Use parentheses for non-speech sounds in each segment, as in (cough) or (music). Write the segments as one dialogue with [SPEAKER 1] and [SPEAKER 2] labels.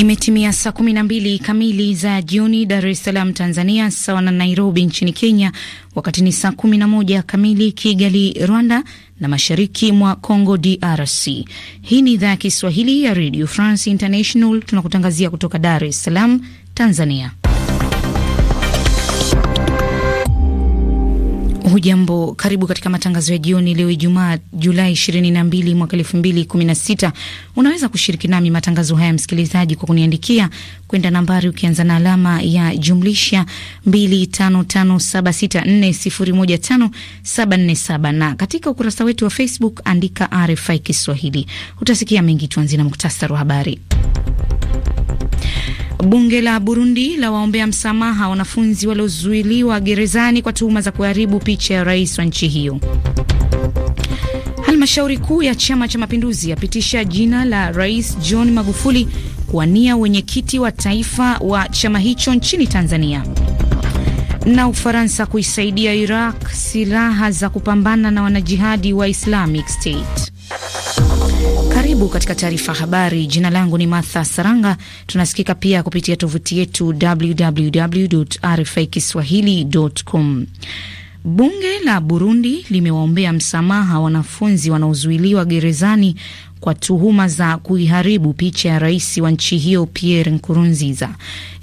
[SPEAKER 1] Imetimia saa kumi na mbili kamili za jioni Dar es Salaam, Tanzania, sawa na Nairobi nchini Kenya, wakati ni saa moja kamili Kigali, Rwanda, na mashariki mwa Congo DRC. Hii ni idhaa ya Kiswahili ya Radio France International, tunakutangazia kutoka Dar es Salaam, Tanzania. Hujambo, karibu katika matangazo ya jioni leo Ijumaa Julai 22 mwaka 2016. Unaweza kushiriki nami matangazo haya msikilizaji, kwa kuniandikia kwenda nambari ukianza na alama ya jumlisha 255764015747 na katika ukurasa wetu wa Facebook andika RFI Kiswahili. Utasikia mengi. tuanzi na muktasari wa habari. Bunge la Burundi la waombea msamaha wanafunzi waliozuiliwa gerezani kwa tuhuma za kuharibu picha ya rais wa nchi hiyo. Halmashauri kuu ya Chama cha Mapinduzi yapitisha jina la Rais John Magufuli kuwania wenyekiti wa taifa wa chama hicho nchini Tanzania. Na Ufaransa kuisaidia Iraq silaha za kupambana na wanajihadi wa Islamic State. Karibu katika taarifa habari. Jina langu ni Martha Saranga. Tunasikika pia kupitia tovuti yetu www RFI kiswahilicom. Bunge la Burundi limewaombea msamaha wanafunzi wanaozuiliwa gerezani kwa tuhuma za kuiharibu picha ya rais wa nchi hiyo Pierre Nkurunziza.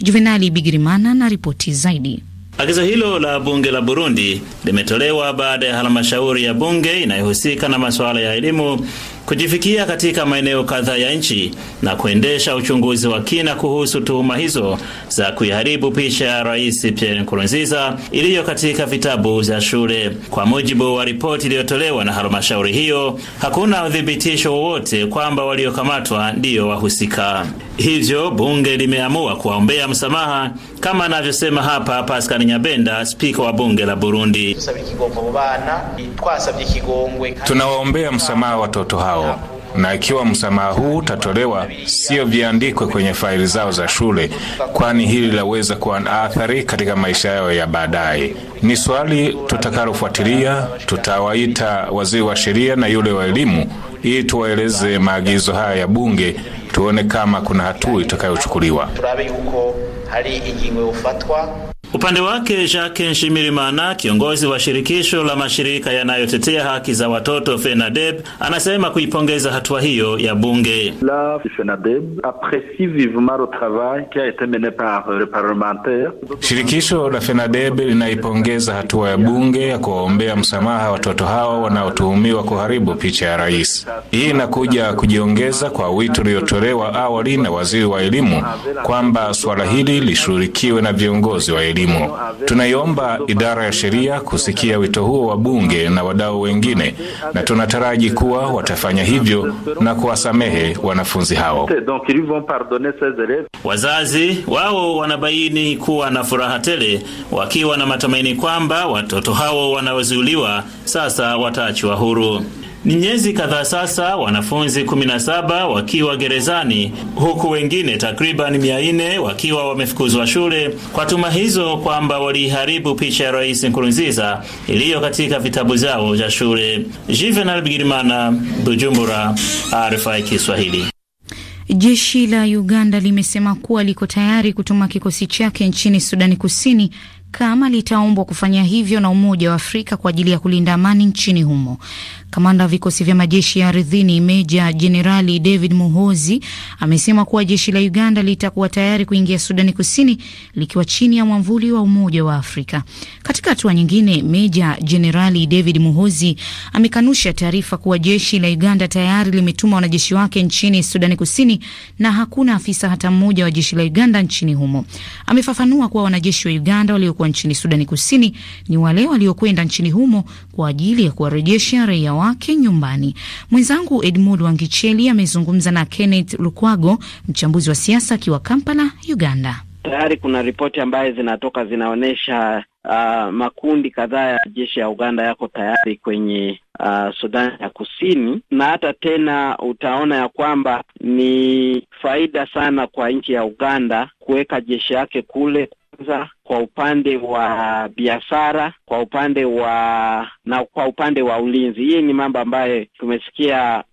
[SPEAKER 1] Juvenali Bigirimana na ripoti zaidi.
[SPEAKER 2] Agizo hilo la bunge la Burundi limetolewa baada ya halmashauri ya bunge inayohusika na masuala ya elimu kujifikia katika maeneo kadhaa ya nchi na kuendesha uchunguzi wa kina kuhusu tuhuma hizo za kuiharibu picha ya Rais Pierre Nkurunziza iliyo katika vitabu vya shule. Kwa mujibu wa ripoti iliyotolewa na halmashauri hiyo, hakuna uthibitisho wowote kwamba waliokamatwa ndiyo wahusika. Hivyo bunge limeamua kuwaombea msamaha kama anavyosema hapa Pascal Nyabenda, spika wa bunge la Burundi. Tunawaombea msamaha watoto hao na ikiwa msamaha huu utatolewa, sio viandikwe kwenye faili zao za shule, kwani hili laweza kuwa na athari katika maisha yao ya baadaye. Ni swali tutakalofuatilia. Tutawaita waziri wa sheria na yule wa elimu ili tuwaeleze maagizo haya ya Bunge, tuone kama kuna hatua itakayochukuliwa. Upande wake Jacques Nshimirimana, kiongozi wa shirikisho la mashirika yanayotetea haki za watoto FENADEB, anasema kuipongeza hatua hiyo ya bunge la FENADEB. Shirikisho la FENADEB linaipongeza hatua ya bunge ya kuwaombea msamaha watoto hao wanaotuhumiwa kuharibu picha ya rais. Hii inakuja kujiongeza kwa wito uliotolewa awali na waziri wa elimu kwamba suala hili lishughulikiwe na viongozi wa elimu kilimo. Tunaiomba idara ya sheria kusikia wito huo wa bunge na wadau wengine, na tunataraji kuwa watafanya hivyo na kuwasamehe wanafunzi hao. Wazazi wao wanabaini kuwa na furaha tele, wakiwa na matumaini kwamba watoto hao wanaozuiliwa sasa wataachiwa huru. Ni miezi kadhaa sasa wanafunzi 17 wakiwa gerezani huku wengine takriban 400 wakiwa wamefukuzwa shule kwa tuma hizo kwamba waliharibu picha ya Rais Nkurunziza iliyo katika vitabu zao vya shule. Juvenal Bigirimana, Bujumbura, RFI Kiswahili.
[SPEAKER 1] Jeshi la Uganda limesema kuwa liko tayari kutuma kikosi chake nchini Sudani Kusini kama litaombwa kufanya hivyo na Umoja wa Afrika kwa ajili ya kulinda amani nchini humo. Kamanda wa vikosi vya majeshi ya ardhini Meja Jenerali David Muhozi amesema kuwa jeshi la Uganda litakuwa tayari kuingia Sudani Kusini likiwa chini ya mwamvuli wa Umoja wa Afrika. Katika hatua nyingine, Meja Jenerali David Muhozi amekanusha taarifa kuwa jeshi la Uganda tayari limetuma wanajeshi wake nchini Sudani Kusini na hakuna afisa hata mmoja wa jeshi la Uganda nchini humo. Amefafanua kuwa wanajeshi wa Uganda waliokuwa nchini Sudani Kusini ni wale waliokwenda nchini humo kwa ajili ya kuwarejesha raia wake nyumbani. Mwenzangu Edmund Wangicheli amezungumza na Kenneth Lukwago, mchambuzi wa siasa akiwa Kampala, Uganda.
[SPEAKER 3] Tayari kuna ripoti ambayo zinatoka zinaonyesha uh, makundi kadhaa ya jeshi ya Uganda yako tayari kwenye uh, Sudani ya Kusini, na hata tena utaona ya kwamba ni faida sana kwa nchi ya Uganda kuweka jeshi yake kule, kwanza kwa upande wa biashara, kwa upande wa na kwa upande wa ulinzi. Hii ni mambo ambayo tumesikia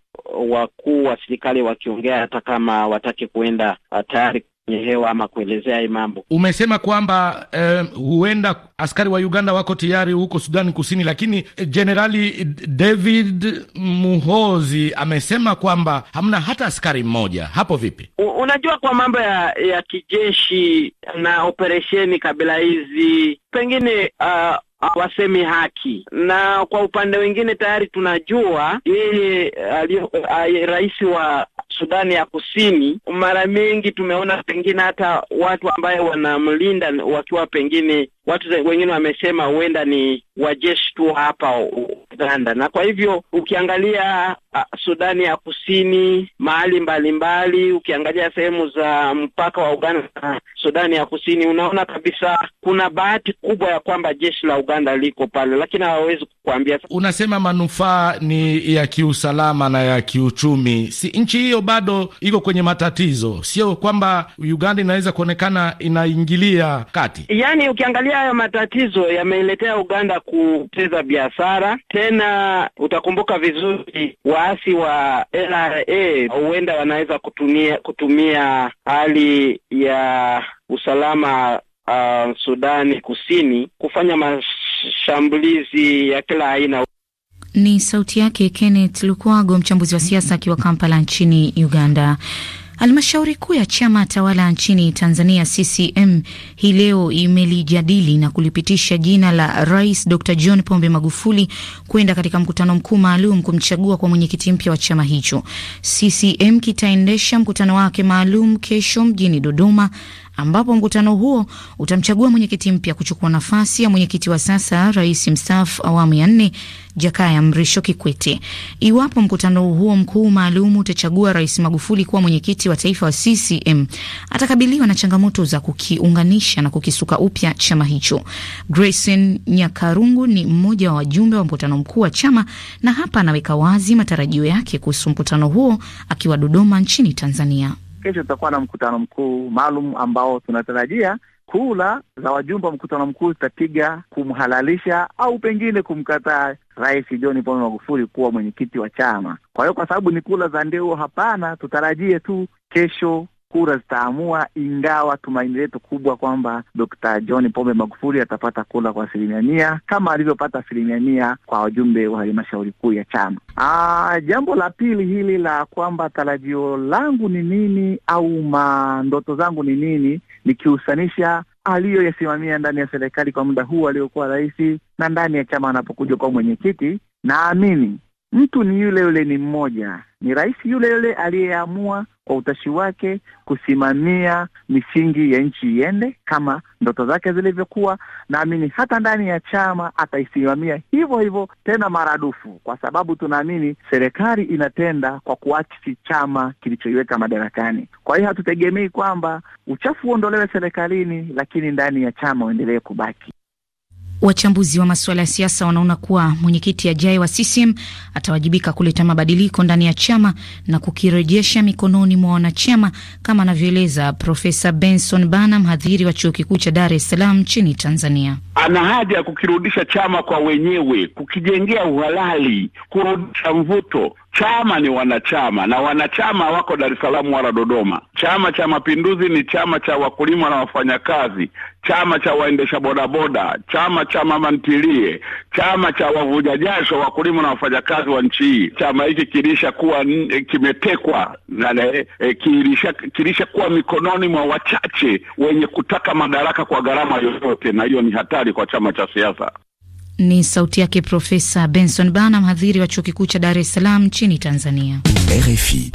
[SPEAKER 3] wakuu wa serikali wakiongea, hata kama wataki kuenda ah, tayari kwenye hewa ama kuelezea hii mambo.
[SPEAKER 4] Umesema kwamba eh, huenda askari wa Uganda wako tayari huko Sudani Kusini, lakini Jenerali eh, David Muhozi amesema kwamba hamna hata askari mmoja hapo. Vipi? U,
[SPEAKER 3] unajua kwa mambo ya, ya kijeshi na operesheni kabila hizi pengine uh, hawasemi haki, na kwa upande wengine tayari tunajua yeye rais wa Sudani ya Kusini, mara mingi tumeona pengine hata watu ambaye wanamlinda wakiwa pengine watu wengine wamesema huenda ni wajeshi tu hapa Uganda, na kwa hivyo ukiangalia Ah, Sudani ya Kusini, mahali mbalimbali. Ukiangalia sehemu za mpaka wa Uganda na Sudani ya Kusini, unaona kabisa kuna bahati kubwa ya kwamba jeshi la Uganda liko
[SPEAKER 4] pale, lakini hawawezi kukuambia. Unasema manufaa ni ya kiusalama na ya kiuchumi, si nchi hiyo bado iko kwenye matatizo? Sio kwamba Uganda inaweza kuonekana inaingilia kati.
[SPEAKER 3] Yani ukiangalia hayo matatizo yameiletea Uganda kupoteza biashara. Tena utakumbuka vizuri wa waasi wa LRA huenda wanaweza kutumia kutumia hali ya usalama uh, Sudani Kusini kufanya mashambulizi ya kila aina.
[SPEAKER 1] Ni sauti yake Kenneth Lukwago, mchambuzi wa siasa akiwa Kampala nchini Uganda. Halmashauri kuu ya chama tawala nchini Tanzania CCM hii leo imelijadili na kulipitisha jina la Rais Dr John Pombe Magufuli kwenda katika mkutano mkuu maalum kumchagua kwa mwenyekiti mpya wa chama hicho. CCM kitaendesha mkutano wake maalum kesho mjini Dodoma ambapo mkutano huo utamchagua mwenyekiti mpya kuchukua nafasi ya mwenyekiti wa sasa, rais mstaafu awamu ya nne Jakaya Mrisho Kikwete. Iwapo mkutano huo mkuu maalum utachagua Rais Magufuli kuwa mwenyekiti wa taifa wa CCM, atakabiliwa na changamoto za kukiunganisha na kukisuka upya chama hicho. Grayson Nyakarungu ni mmoja wa wajumbe wa mkutano mkuu wa chama na hapa anaweka wazi matarajio yake kuhusu mkutano huo akiwa Dodoma nchini Tanzania
[SPEAKER 5] kesho tutakuwa na mkutano mkuu maalum ambao tunatarajia kula za wajumbe wa mkutano mkuu zitapiga kumhalalisha au pengine kumkataa Rais John Pombe Magufuli kuwa mwenyekiti wa chama. Kwa hiyo kwa sababu ni kula za ndio, hapana, tutarajie tu kesho kura zitaamua, ingawa tumaini letu kubwa kwamba Dr. John Pombe Magufuli atapata kura kwa asilimia mia kama alivyopata asilimia mia kwa wajumbe wa halmashauri kuu ya chama. Aa, ah, jambo la pili hili la kwamba tarajio langu ni nini au mandoto zangu ni nini, nikihusanisha aliyoyasimamia ndani ya serikali kwa muda huu aliyokuwa rais na ndani ya chama anapokuja kwa mwenyekiti, naamini Mtu ni yule yule, ni mmoja, ni rais yule yule aliyeamua kwa utashi wake kusimamia misingi ya nchi iende kama ndoto zake zilivyokuwa. Naamini hata ndani ya chama ataisimamia hivyo hivyo tena maradufu, kwa sababu tunaamini serikali inatenda kwa kuakisi chama kilichoiweka madarakani. Kwa hiyo hatutegemei kwamba uchafu uondolewe serikalini, lakini ndani ya chama uendelee kubaki.
[SPEAKER 1] Wachambuzi wa masuala ya siasa wanaona kuwa mwenyekiti ajaye wa CCM atawajibika kuleta mabadiliko ndani ya chama na kukirejesha mikononi mwa wanachama, kama anavyoeleza Profesa Benson Bana, mhadhiri wa chuo kikuu cha Dar es Salaam nchini Tanzania.
[SPEAKER 6] Ana haja ya kukirudisha chama kwa wenyewe, kukijengea uhalali, kurudisha mvuto Chama ni wanachama na wanachama wako Dar es Salaam wala Dodoma. Chama cha Mapinduzi ni chama cha wakulima na wafanyakazi, chama cha waendesha bodaboda, chama cha mama ntilie, chama cha wavuja jasho, wakulima na wafanyakazi wa nchi hii. Chama hiki kilisha kuwa eh, kimetekwa nale, e, eh, eh, kilisha, kilisha kuwa mikononi mwa wachache wenye kutaka madaraka kwa gharama yoyote, na hiyo ni hatari kwa chama cha siasa.
[SPEAKER 1] Ni sauti yake Profesa Benson Bana, mhadhiri wa chuo kikuu cha Dar es Salaam nchini Tanzania.
[SPEAKER 5] RFI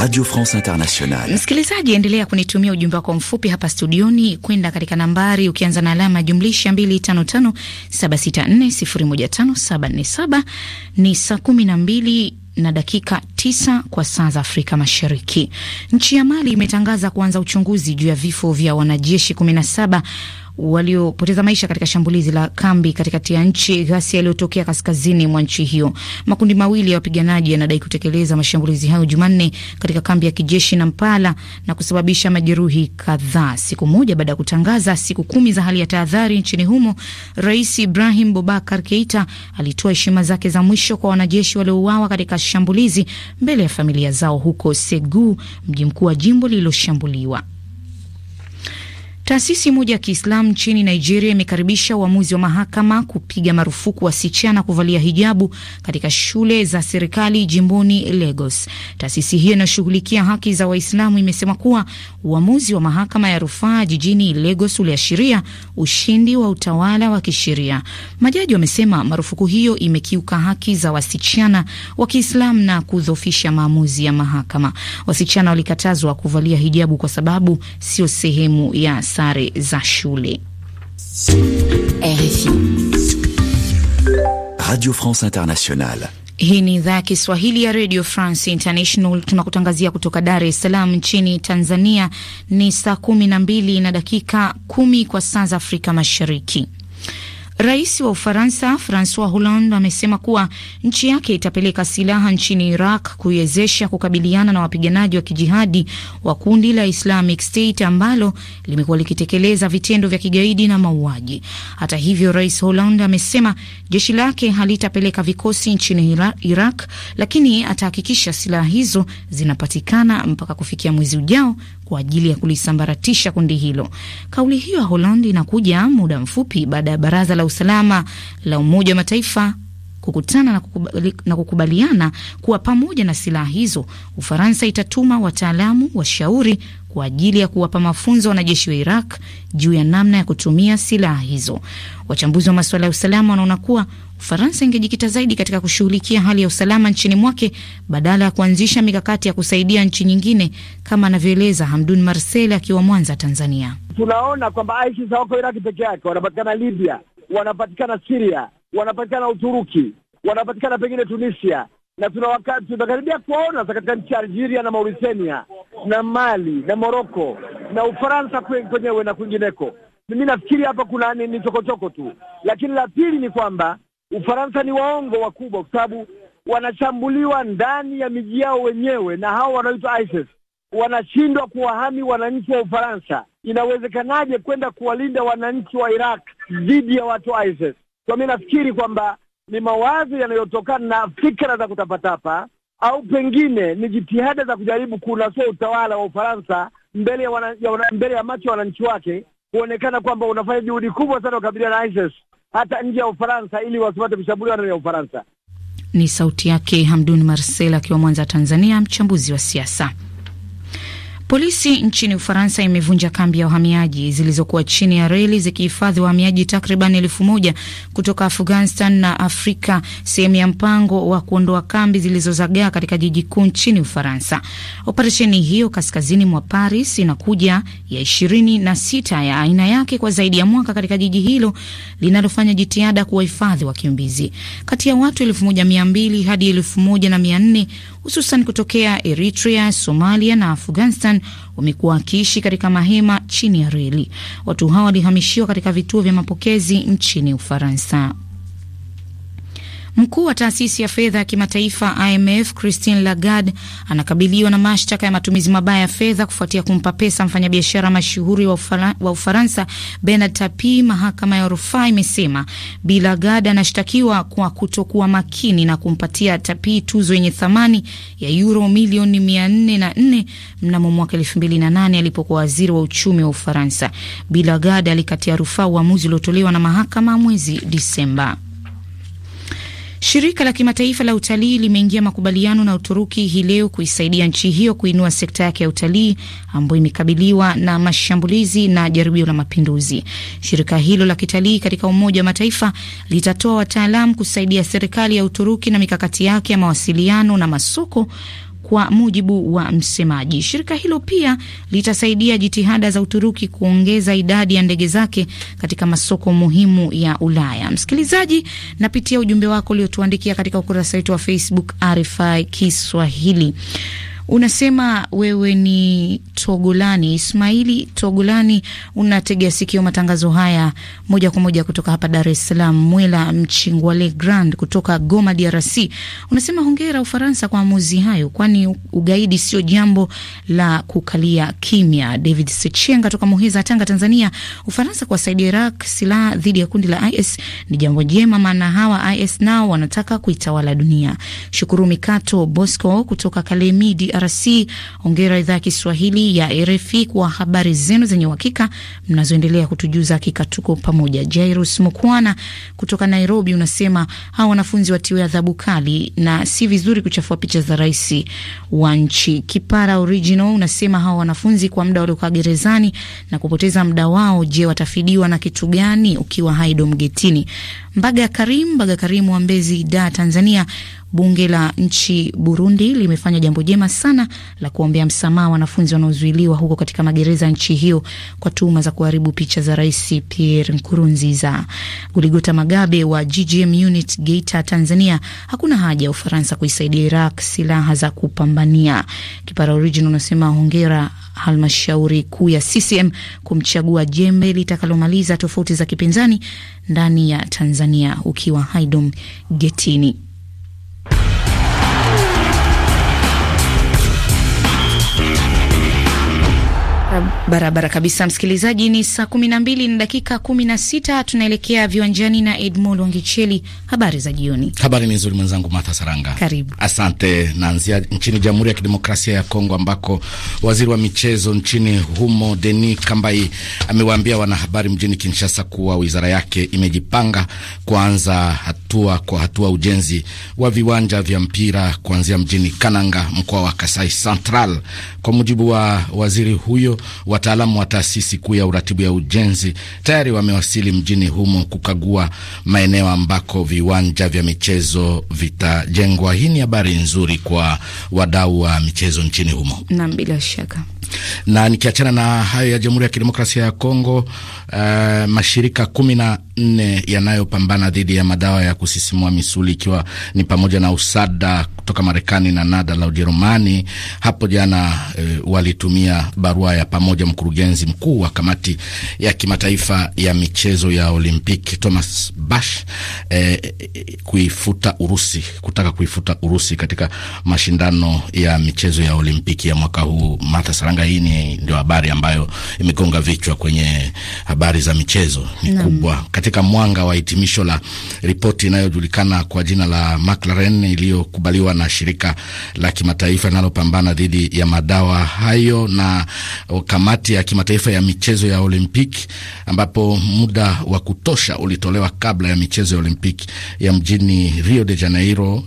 [SPEAKER 5] Radio France
[SPEAKER 7] Internationale.
[SPEAKER 1] Msikilizaji, endelea kunitumia ujumbe wako mfupi hapa studioni kwenda katika nambari ukianza na alama jumlisha 255764015747. Ni saa 12 na dakika 9 kwa saa za Afrika Mashariki. Nchi ya Mali imetangaza kuanza uchunguzi juu ya vifo vya wanajeshi 17 waliopoteza maisha katika shambulizi la kambi katikati ya nchi, ghasia yaliyotokea kaskazini mwa nchi hiyo. Makundi mawili ya wapiganaji yanadai kutekeleza mashambulizi hayo Jumanne katika kambi ya kijeshi na mpala na kusababisha majeruhi kadhaa, siku moja baada ya kutangaza siku kumi za hali ya tahadhari nchini humo. Rais Ibrahim Bobakar Keita alitoa heshima zake za mwisho kwa wanajeshi waliouawa katika shambulizi mbele ya familia zao huko Segu, mji mkuu wa jimbo lililoshambuliwa. Taasisi moja ya Kiislamu nchini Nigeria imekaribisha uamuzi wa mahakama kupiga marufuku wasichana kuvalia hijabu katika shule za serikali jimboni Lagos. Taasisi hiyo inayoshughulikia haki za Waislamu imesema kuwa Uamuzi wa mahakama ya rufaa jijini Lagos uliashiria ushindi wa utawala wa kisheria. Majaji wamesema marufuku hiyo imekiuka haki za wasichana wa Kiislamu na kudhofisha maamuzi ya mahakama. Wasichana walikatazwa kuvalia hijabu kwa sababu sio sehemu ya sare za shule. RFI
[SPEAKER 5] Radio France Internationale
[SPEAKER 1] hii ni idhaa ya Kiswahili ya Radio France International, tunakutangazia kutoka Dar es Salaam nchini Tanzania. Ni saa kumi na mbili na dakika kumi kwa saa za Afrika Mashariki. Rais wa Ufaransa Francois Hollande amesema kuwa nchi yake itapeleka silaha nchini Iraq kuiwezesha kukabiliana na wapiganaji wa kijihadi wa kundi la Islamic State ambalo limekuwa likitekeleza vitendo vya kigaidi na mauaji. Hata hivyo, Rais Hollande amesema jeshi lake halitapeleka vikosi nchini Iraq, lakini atahakikisha silaha hizo zinapatikana mpaka kufikia mwezi ujao kwa ajili ya kulisambaratisha kundi hilo. Kauli hiyo ya Holandi inakuja muda mfupi baada ya baraza la usalama la Umoja wa Mataifa kukutana na, kukubali, na kukubaliana kuwa pamoja na silaha hizo Ufaransa itatuma wataalamu washauri kwa ajili ya kuwapa mafunzo wanajeshi wa Iraq juu ya namna ya kutumia silaha hizo. Wachambuzi wa masuala ya usalama wanaona kuwa Ufaransa ingejikita zaidi katika kushughulikia hali ya usalama nchini mwake badala ya kuanzisha mikakati ya kusaidia nchi nyingine, kama anavyoeleza Hamdun Marsel akiwa Mwanza, Tanzania.
[SPEAKER 8] Tunaona kwamba ISIS hawako Iraki peke yake, wanapatikana Libya, wanapatikana Siria, wanapatikana Uturuki, wanapatikana pengine Tunisia, na tuna wakati tunakaribia kuwaona sasa katika nchi ya Algeria na Mauritania na Mali na Moroko na Ufaransa kwenyewe na kwingineko. Mimi nafikiri hapa kuna ni chokochoko tu, lakini la pili ni kwamba Ufaransa ni waongo wakubwa, kwa sababu wanashambuliwa ndani ya miji yao wenyewe na hao wanaoitwa ISIS wanashindwa kuwahami wananchi wa Ufaransa. Inawezekanaje kwenda kuwalinda wananchi wa Iraq dhidi ya watu ISIS? Kwa mi nafikiri kwamba ni mawazo yanayotokana na fikra za kutapatapa au pengine ni jitihada za kujaribu kunasua utawala wa Ufaransa mbele ya, wana, ya, wana, mbele ya macho ya wananchi wake kuonekana kwamba unafanya juhudi kubwa sana kukabiliana na ISIS hata nje ya Ufaransa ili wasipate kushambuliwa ndani ya Ufaransa.
[SPEAKER 1] Ni sauti yake Hamdun Marsel akiwa Mwanza, Tanzania, mchambuzi wa siasa. Polisi nchini Ufaransa imevunja kambi ya wahamiaji zilizokuwa chini ya reli zikihifadhi wahamiaji takriban elfu moja kutoka Afghanistan na Afrika, sehemu ya mpango wa kuondoa kambi zilizozagaa katika jiji kuu nchini Ufaransa. Operesheni hiyo kaskazini mwa Paris inakuja ya ishirini na sita ya aina yake kwa zaidi ya mwaka katika jiji hilo linalofanya jitihada kuwahifadhi wakimbizi. Kati ya watu elfu moja mia mbili hadi elfu moja na mia nne hususan kutokea Eritrea, Somalia na Afghanistan wamekuwa wakiishi katika mahema chini ya reli. Watu hawa walihamishiwa katika vituo vya mapokezi nchini Ufaransa. Mkuu wa taasisi ya fedha ya kimataifa IMF Christine Lagarde anakabiliwa na mashtaka ya matumizi mabaya ya fedha kufuatia kumpa pesa mfanyabiashara mashuhuri wa, ufala, wa Ufaransa Bernard Tapie. Mahakama ya rufaa imesema Bi Lagarde anashtakiwa kwa kutokuwa makini na kumpatia Tapie tuzo yenye thamani ya euro milioni 404 mnamo mwaka 2008 alipokuwa waziri wa uchumi wa Ufaransa. Bi Lagarde alikatia rufaa uamuzi uliotolewa na mahakama mwezi Disemba. Shirika la kimataifa la utalii limeingia makubaliano na Uturuki hii leo kuisaidia nchi hiyo kuinua sekta yake ya utalii ambayo imekabiliwa na mashambulizi na jaribio la mapinduzi. Shirika hilo la kitalii katika Umoja wa Mataifa litatoa wataalamu kusaidia serikali ya Uturuki na mikakati yake ya mawasiliano na masoko kwa mujibu wa msemaji. Shirika hilo pia litasaidia jitihada za Uturuki kuongeza idadi ya ndege zake katika masoko muhimu ya Ulaya. Msikilizaji, napitia ujumbe wako uliotuandikia katika ukurasa wetu wa Facebook RFI Kiswahili. Unasema wewe ni Togolani Ismaili Togolani, unategea sikio matangazo haya moja kwa moja kutoka hapa Dar es Salaam. Mwela Mchingwale Grand kutoka Goma, DRC, unasema hongera Ufaransa kwa maamuzi hayo, kwani ugaidi sio jambo la kukalia kimya. David Sechenga toka Muheza, Tanga, Tanzania, Ufaransa kuwasaidia Iraq silaha dhidi ya kundi la IS ni jambo jema, maana hawa IS nao wanataka kuitawala dunia. Shukuru Mikato Bosco kutoka Kalemi, DRC. Ongera idhaa ya Kiswahili ya RFI kwa habari zenu zenye uhakika mnazoendelea kutujuza. Hakika tuko pamoja. Jairus Mukwana kutoka Nairobi unasema hawa wanafunzi watiwe adhabu kali na si vizuri kuchafua picha za rais wa nchi. Kipara Original unasema hawa wanafunzi kwa muda waliokaa gerezani na kupoteza muda wao, je, watafidiwa na kitu gani ukiwa haido getini? Mbaga Karim Mbaga Karim wa Mbezi, Da, Tanzania. Bunge la nchi Burundi limefanya jambo jema sana la kuombea msamaha wanafunzi wanaozuiliwa huko katika magereza nchi hiyo kwa tuhuma za kuharibu picha za Rais Pierre Nkurunziza. Guligota Magabe wa GGM unit Geita, Tanzania. Hakuna haja ya Ufaransa kuisaidia Iraq silaha za kupambania. Kipara Original unasema hongera halmashauri kuu ya CCM kumchagua jembe litakalomaliza tofauti za kipinzani ndani ya Tanzania ukiwa Haidum Getini. barabara kabisa. Msikilizaji, ni saa kumi na mbili na dakika kumi na sita tunaelekea viwanjani na Edmond Wangicheli. Habari za jioni.
[SPEAKER 4] Habari ni nzuri mwenzangu, Martha Saranga. Karibu. Asante. Naanzia nchini Jamhuri ya Kidemokrasia ya Kongo ambako waziri wa michezo nchini humo Denis Kambai amewaambia wanahabari mjini Kinshasa kuwa wizara yake imejipanga kuanza hatua kwa hatua ujenzi wa viwanja vya mpira kuanzia mjini Kananga, mkoa wa Kasai Central. Kwa mujibu wa waziri huyo, wataalamu wa taasisi kuu ya uratibu ya ujenzi tayari wamewasili mjini humo kukagua maeneo ambako viwanja vya michezo vitajengwa. Hii ni habari nzuri kwa wadau wa michezo nchini humo. Naam, bila shaka na nikiachana na hayo ya Jamhuri ya Kidemokrasia ya Kongo, uh, mashirika kumi na nne yanayopambana dhidi ya madawa ya kusisimua misuli ikiwa ni pamoja na USADA kutoka Marekani na NADA la Ujerumani. Hapo jana e, walitumia barua ya pamoja. Mkurugenzi mkuu wa kamati ya kimataifa ya michezo ya Olimpiki Thomas Bach e, kuifuta Urusi, kutaka kuifuta Urusi katika mashindano ya michezo ya Olimpiki ya mwaka huu. Martha Saranga, hii ni ndio habari ambayo imegonga vichwa kwenye habari za michezo, ni kubwa katika mwanga wa hitimisho la ripoti inayojulikana kwa jina la McLaren iliyokubaliwa na shirika la kimataifa linalopambana dhidi ya madawa hayo na kamati ya kimataifa ya michezo ya Olimpiki, ambapo muda wa kutosha ulitolewa kabla ya michezo ya Olimpiki ya mjini Rio de Janeiro.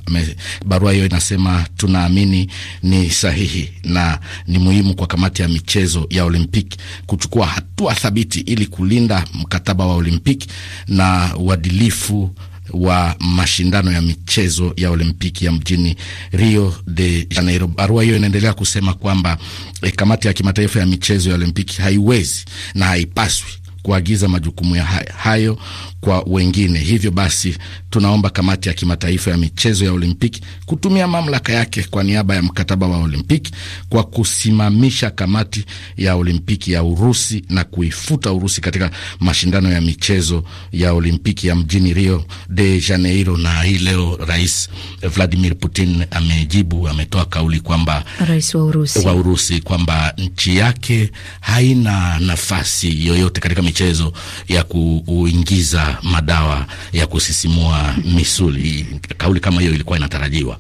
[SPEAKER 4] Barua hiyo inasema tunaamini ni sahihi na ni muhimu kwa kamati ya michezo ya Olimpiki kuchukua hatua thabiti ili kulinda mkataba wa Olimpiki na uadilifu wa mashindano ya michezo ya Olimpiki ya mjini Rio de Janeiro. Barua hiyo inaendelea kusema kwamba e, kamati ya kimataifa ya michezo ya Olimpiki haiwezi na haipaswi kuagiza majukumu ya hayo kwa wengine. Hivyo basi, tunaomba kamati ya kimataifa ya michezo ya Olimpiki kutumia mamlaka yake kwa niaba ya mkataba wa Olimpiki kwa kusimamisha kamati ya Olimpiki ya Urusi na kuifuta Urusi katika mashindano ya michezo ya Olimpiki ya mjini Rio de Janeiro. Na hii leo Rais Vladimir Putin amejibu, ametoa kauli kwamba
[SPEAKER 1] rais wa Urusi, wa
[SPEAKER 4] Urusi kwamba nchi yake haina nafasi yoyote katika michezo ya kuingiza madawa ya kusisimua misuli. Kauli kama hiyo ilikuwa inatarajiwa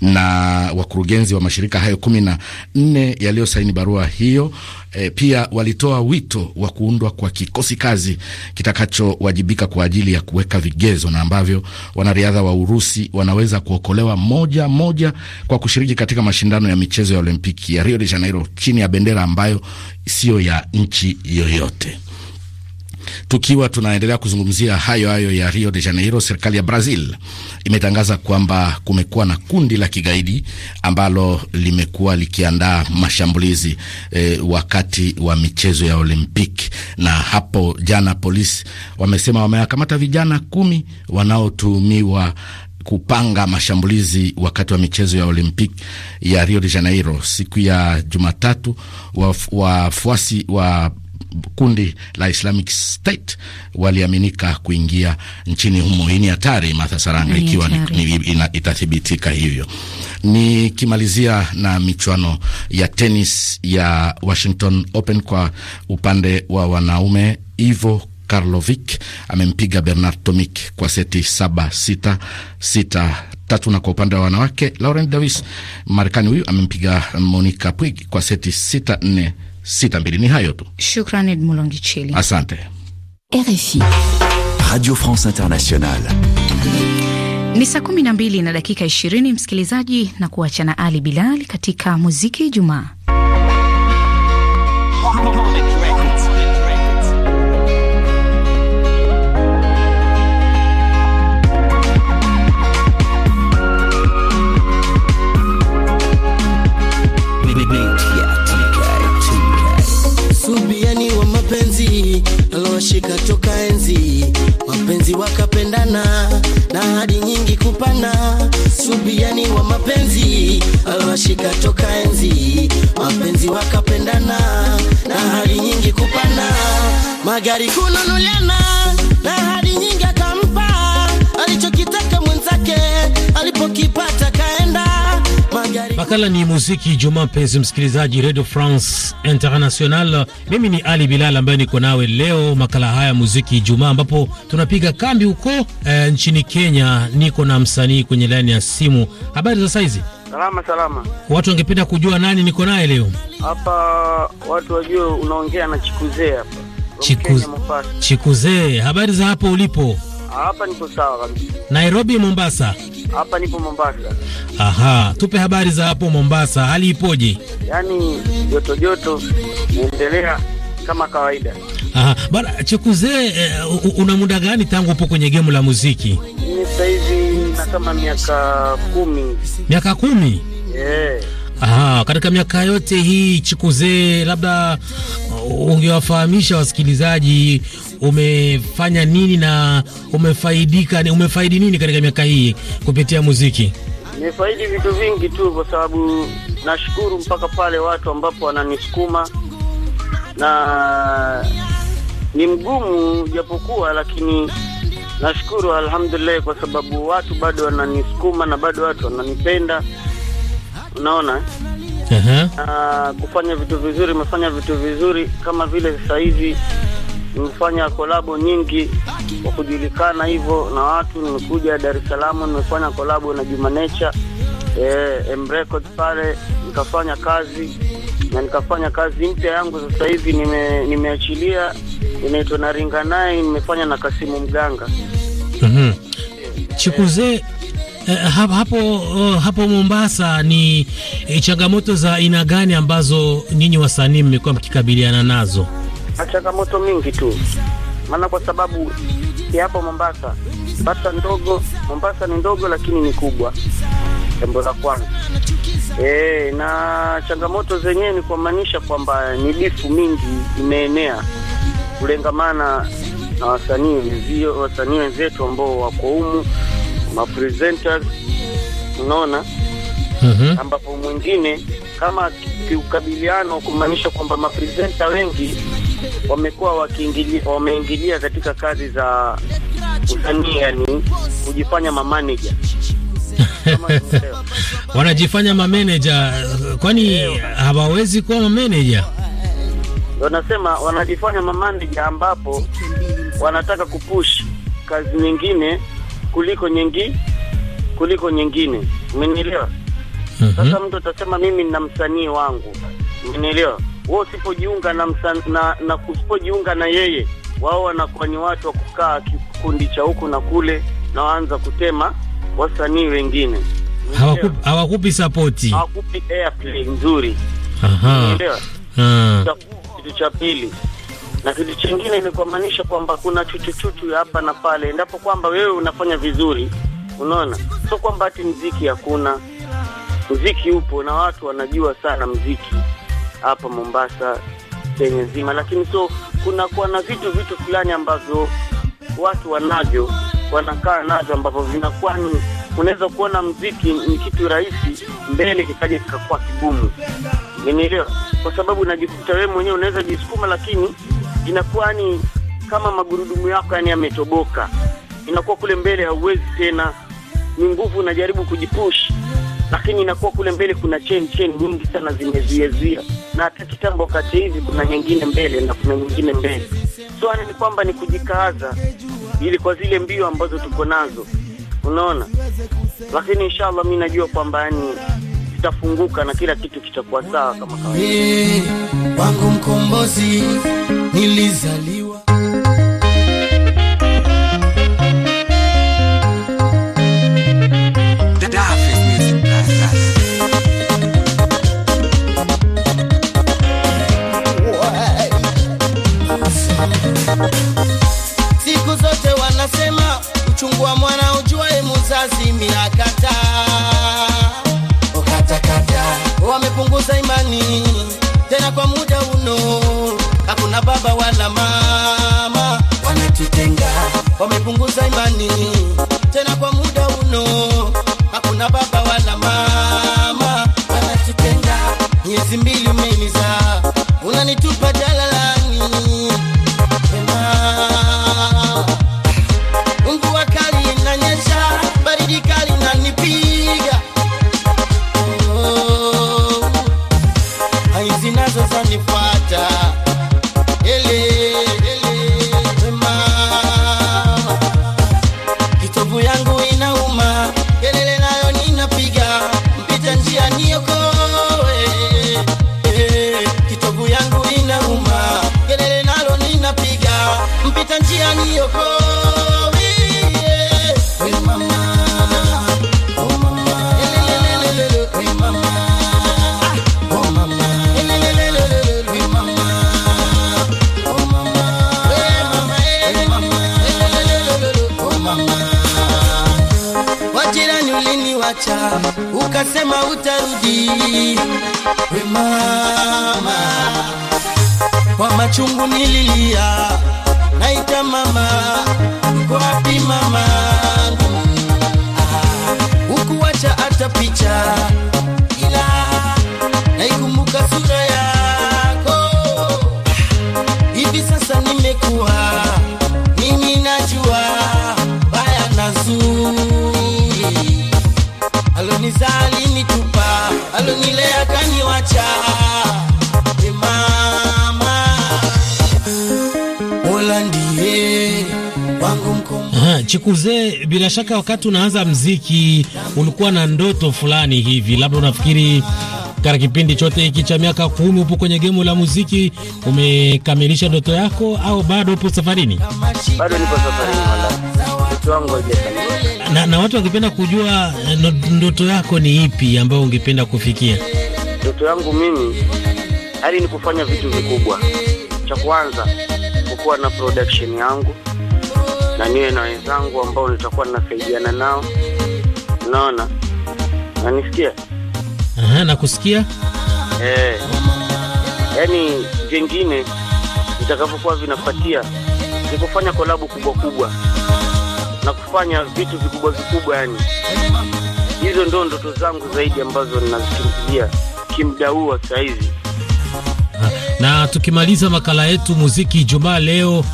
[SPEAKER 4] na wakurugenzi wa mashirika hayo kumi na nne yaliyosaini barua hiyo. E, pia walitoa wito wa kuundwa kwa kikosi kazi kitakachowajibika kwa ajili ya kuweka vigezo na ambavyo wanariadha wa Urusi wanaweza kuokolewa moja moja kwa kushiriki katika mashindano ya michezo ya Olimpiki ya Rio de Janeiro chini ya bendera ambayo siyo ya nchi yoyote. Tukiwa tunaendelea kuzungumzia hayo hayo ya Rio de Janeiro, serikali ya Brazil imetangaza kwamba kumekuwa na kundi la kigaidi ambalo limekuwa likiandaa mashambulizi eh, wakati wa michezo ya Olimpiki. Na hapo jana polisi wamesema wamewakamata vijana kumi wanaotuhumiwa kupanga mashambulizi wakati wa michezo ya Olimpiki ya Rio de Janeiro siku ya Jumatatu. Wafuasi wa kundi la Islamic State waliaminika kuingia nchini humo. Hii ni hatari, Martha Saranga, ikiwa itathibitika hivyo. Nikimalizia na michuano ya tenis ya Washington Open kwa upande wa wanaume, Ivo Karlovic amempiga Bernard Tomic kwa seti saba sita sita tatu, na kwa upande wa wanawake Lauren Davis Marekani huyu amempiga Monica Puig kwa seti sita nne mbili. Ni hayo tu,
[SPEAKER 1] shukran Edmond
[SPEAKER 4] asante. RFI Radio France Internationale.
[SPEAKER 1] Ni saa kumi na dakika ishirini msikilizaji, na kuachana Ali Bilal katika muziki Jumaa.
[SPEAKER 9] mapenzi naloshika toka enzi, mapenzi wakapendana na hadi nyingi kupana, subiani wa mapenzi naloshika toka enzi, mapenzi wakapendana na hadi nyingi kupana, magari kununuliana
[SPEAKER 10] Makala ni muziki juma mpenzi msikilizaji Radio France International. Mimi ni Ali Bilal ambaye niko nawe leo makala haya muziki Jumaa, ambapo tunapiga kambi huko e, nchini Kenya. Niko na msanii kwenye laini ya simu. Habari za saizi?
[SPEAKER 11] Salama salama.
[SPEAKER 10] Watu wangependa kujua nani niko naye leo
[SPEAKER 11] hapa, watu wajue unaongea na Chikuzee hapa
[SPEAKER 10] Chikuzee. Habari za hapo ulipo?
[SPEAKER 11] Hapa nipo sawa kabisa.
[SPEAKER 10] Nairobi, Mombasa?
[SPEAKER 11] Hapa nipo Mombasa.
[SPEAKER 10] Aha, tupe habari za hapo Mombasa, hali ipoje?
[SPEAKER 11] Yaani joto joto inaendelea kama kawaida.
[SPEAKER 10] Aha, bana Chekuzee, uh,
[SPEAKER 11] eh,
[SPEAKER 10] una muda gani tangu upo kwenye gemu la muziki?
[SPEAKER 11] Mimi sasa hivi na kama miaka kumi. Miaka kumi? Yeah.
[SPEAKER 10] Aha, katika miaka yote hii Chikuzee, labda uh, ungewafahamisha wasikilizaji umefanya nini na umefaidika, umefaidi nini katika miaka hii kupitia muziki?
[SPEAKER 11] Nimefaidi vitu vingi tu, kwa sababu nashukuru mpaka pale watu ambapo wananisukuma na ni mgumu japokuwa, lakini nashukuru alhamdulillah, kwa sababu watu bado wananisukuma na bado watu wananipenda, unaona. Uh -huh. Uh, kufanya vitu vizuri, umefanya vitu vizuri kama vile sasa hivi nimefanya kolabo nyingi kwa kujulikana hivyo na watu. Nimekuja Dar es Salaam, nimefanya kolabo na Juma Nature eh, Mrecord pale nikafanya kazi na nikafanya kazi mpya yangu sasa hivi nime, nimeachilia inaitwa Naringa Nai, nimefanya na Kasimu Mganga.
[SPEAKER 10] mm-hmm. Chikuze eh, eh, hapo, oh, hapo Mombasa ni eh, changamoto za aina gani ambazo nyinyi wasanii mmekuwa mkikabiliana nazo?
[SPEAKER 11] changamoto mingi tu, maana kwa sababu hapo Mombasa bata ndogo, Mombasa ni ndogo lakini ni kubwa, jambo la kwanza e, na changamoto zenyewe ni kumaanisha kwamba ni bifu mingi imeenea kulengamana na wasanii wenzio, wasanii wenzetu ambao wako humu ma presenters, unaona mm -hmm. ambapo mwingine kama kiukabiliano kumaanisha kwamba mapresenta wengi wamekuwa wameingilia katika kazi za usanii, yani kujifanya mamaneja
[SPEAKER 10] (laughs) wanajifanya mameneja, kwani hawawezi kuwa mameneja?
[SPEAKER 11] Wanasema wanajifanya mameneja, ambapo wanataka kupush kazi nyingine kuliko nyingi kuliko nyingine, umenielewa? Mhm. Sasa mtu atasema mimi nina msanii wangu, umenielewa? wao usipojiunga na, na, na usipojiunga na yeye, wao wanakuwa ni watu wa kukaa kikundi cha huku na kule, na waanza kutema wasanii wengine, hawakupi
[SPEAKER 10] sapoti, hawakupi
[SPEAKER 11] airplay nzuri. Ah. Kitu cha pili na kitu chingine ni kumaanisha kwamba kuna chuchuchuchu hapa na pale, endapo kwamba wewe unafanya vizuri, unaona, sio kwamba hati mziki hakuna mziki, upo na watu wanajua sana mziki hapa Mombasa, Kenya nzima, lakini so kunakuwa na vitu vitu fulani ambavyo watu wanavyo wanakaa navyo ambavyo vinakuwa ni unaweza kuona mziki ni kitu rahisi, mbele kikaja kikakuwa kigumu, nimeelewa Kwa sababu unajikuta wewe mwenyewe unaweza jisukuma, lakini inakuwa ni kama magurudumu yako yani yametoboka, inakuwa kule mbele hauwezi tena, ni nguvu unajaribu kujipush, lakini inakuwa kule mbele kuna chain chain nyingi sana zimeziezia na hata kitambo kati hivi kuna nyingine mbele na kuna nyingine mbele. Swali ni kwamba ni kujikaza ili kwa zile mbio ambazo tuko nazo, unaona. Lakini inshallah mimi najua kwamba yani tafunguka na kila kitu kitakuwa sawa kama kawaida. Ee,
[SPEAKER 9] wangu mkombozi nilizaliwa mimi nakata, Wamepunguza imani tena kwa muda uno, hakuna baba wala mama, wanatutenga. Wamepunguza imani tena kwa muda uno, hakuna baba wala mama, wanatutenga. Miezi mbili umeniza unanitupa
[SPEAKER 10] kuzee, bila shaka, wakati unaanza mziki ulikuwa na ndoto fulani hivi, labda unafikiri katika kipindi chote hiki cha miaka kumi upo kwenye gemu la muziki, umekamilisha ndoto yako au bado upo safarini? Bado nipo safarini. Na, na watu wangependa kujua eh, ndoto yako ni ipi ambayo ungependa kufikia?
[SPEAKER 11] Ndoto yangu mimi hali ni kufanya vitu vikubwa. Cha kwanza kukuwa na production yangu na niwe na wenzangu ambao nitakuwa ninasaidiana nao, unaona, nanisikia
[SPEAKER 10] aha, nakusikia
[SPEAKER 11] eh. Yani vingine vitakavyokuwa vinafuatia ni kufanya kolabu kubwa kubwa na kufanya vitu vikubwa vikubwa, yani hizo ndo ndoto zangu zaidi ambazo ninazitumikia kimdaua wa saizi.
[SPEAKER 10] Na tukimaliza makala yetu muziki Ijumaa leo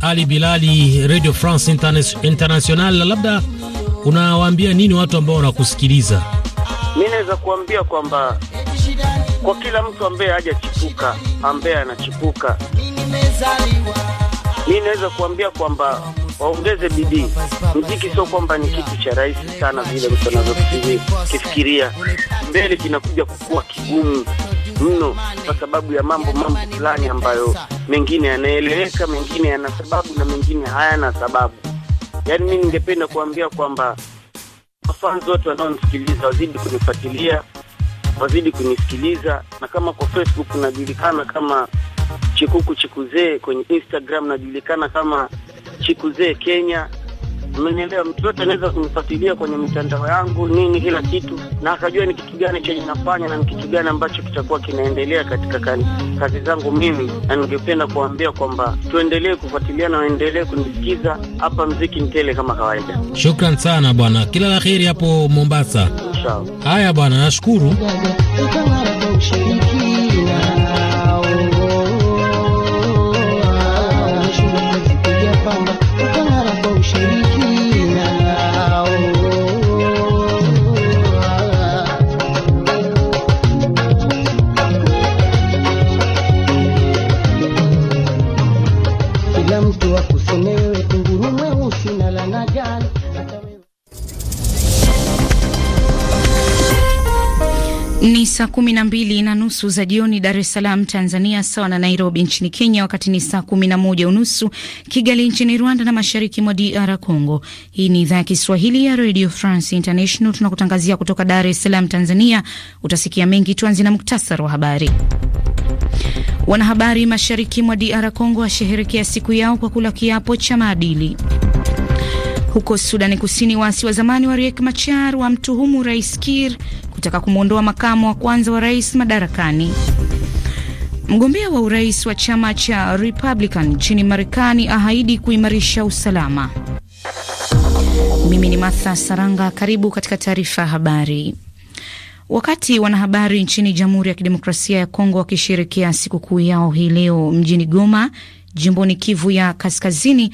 [SPEAKER 10] ali Bilali, Radio France International, labda unawaambia nini watu ambao wanakusikiliza?
[SPEAKER 11] Mi naweza kuambia kwamba kwa kila mtu ambaye hajachipuka, ambaye anachipuka, mi naweza kuambia kwamba waongeze bidii. Mziki sio kwamba ni kitu cha rahisi sana vile mtu anavyokifikiria, mbele kinakuja kukuwa kigumu mno kwa sababu ya mambo mambo fulani ambayo mengine yanaeleweka, mengine yana sababu na mengine hayana sababu. Yaani mi ningependa kuambia kwamba wafanzi wote wanaonisikiliza wazidi kunifuatilia, wazidi kunisikiliza, na kama kwa Facebook najulikana kama Chikuku Chikuzee, kwenye Instagram najulikana kama Chikuzee Kenya Umenielewa, mtu yote anaweza kunifuatilia kwenye mitandao yangu nini, kila kitu, na akajua ni kitu gani chenye nafanya na ni kitu gani ambacho kitakuwa kinaendelea katika kazi zangu mimi, na ningependa kuambia kwamba tuendelee kufuatilia na waendelee kunisikiza hapa, mziki mtele kama kawaida.
[SPEAKER 10] Shukran sana bwana, kila la heri hapo Mombasa. Haya bwana, nashukuru.
[SPEAKER 1] Ni saa kumi na mbili na nusu za jioni Dar es Salaam, Tanzania, sawa na Nairobi nchini Kenya. Wakati ni saa kumi na moja unusu Kigali nchini Rwanda na mashariki mwa DR Congo. Hii ni idhaa ya Kiswahili ya Radio France International, tunakutangazia kutoka Dar es Salaam, Tanzania. Utasikia mengi, tuanze na muktasari wa habari. Wanahabari mashariki mwa DR Congo washeherekea siku yao kwa kula kiapo cha maadili. Huko Sudani Kusini, waasi wa zamani wa Riek Machar wamtuhumu Rais Kir kutaka kumwondoa makamu wa kwanza wa rais madarakani. Mgombea wa urais wa chama cha Republican nchini Marekani ahaidi kuimarisha usalama. Mimi ni Martha Saranga, karibu katika taarifa ya habari. Wakati wanahabari nchini Jamhuri ya Kidemokrasia ya Kongo wakisherekea sikukuu yao hii leo mjini Goma, jimboni Kivu ya Kaskazini,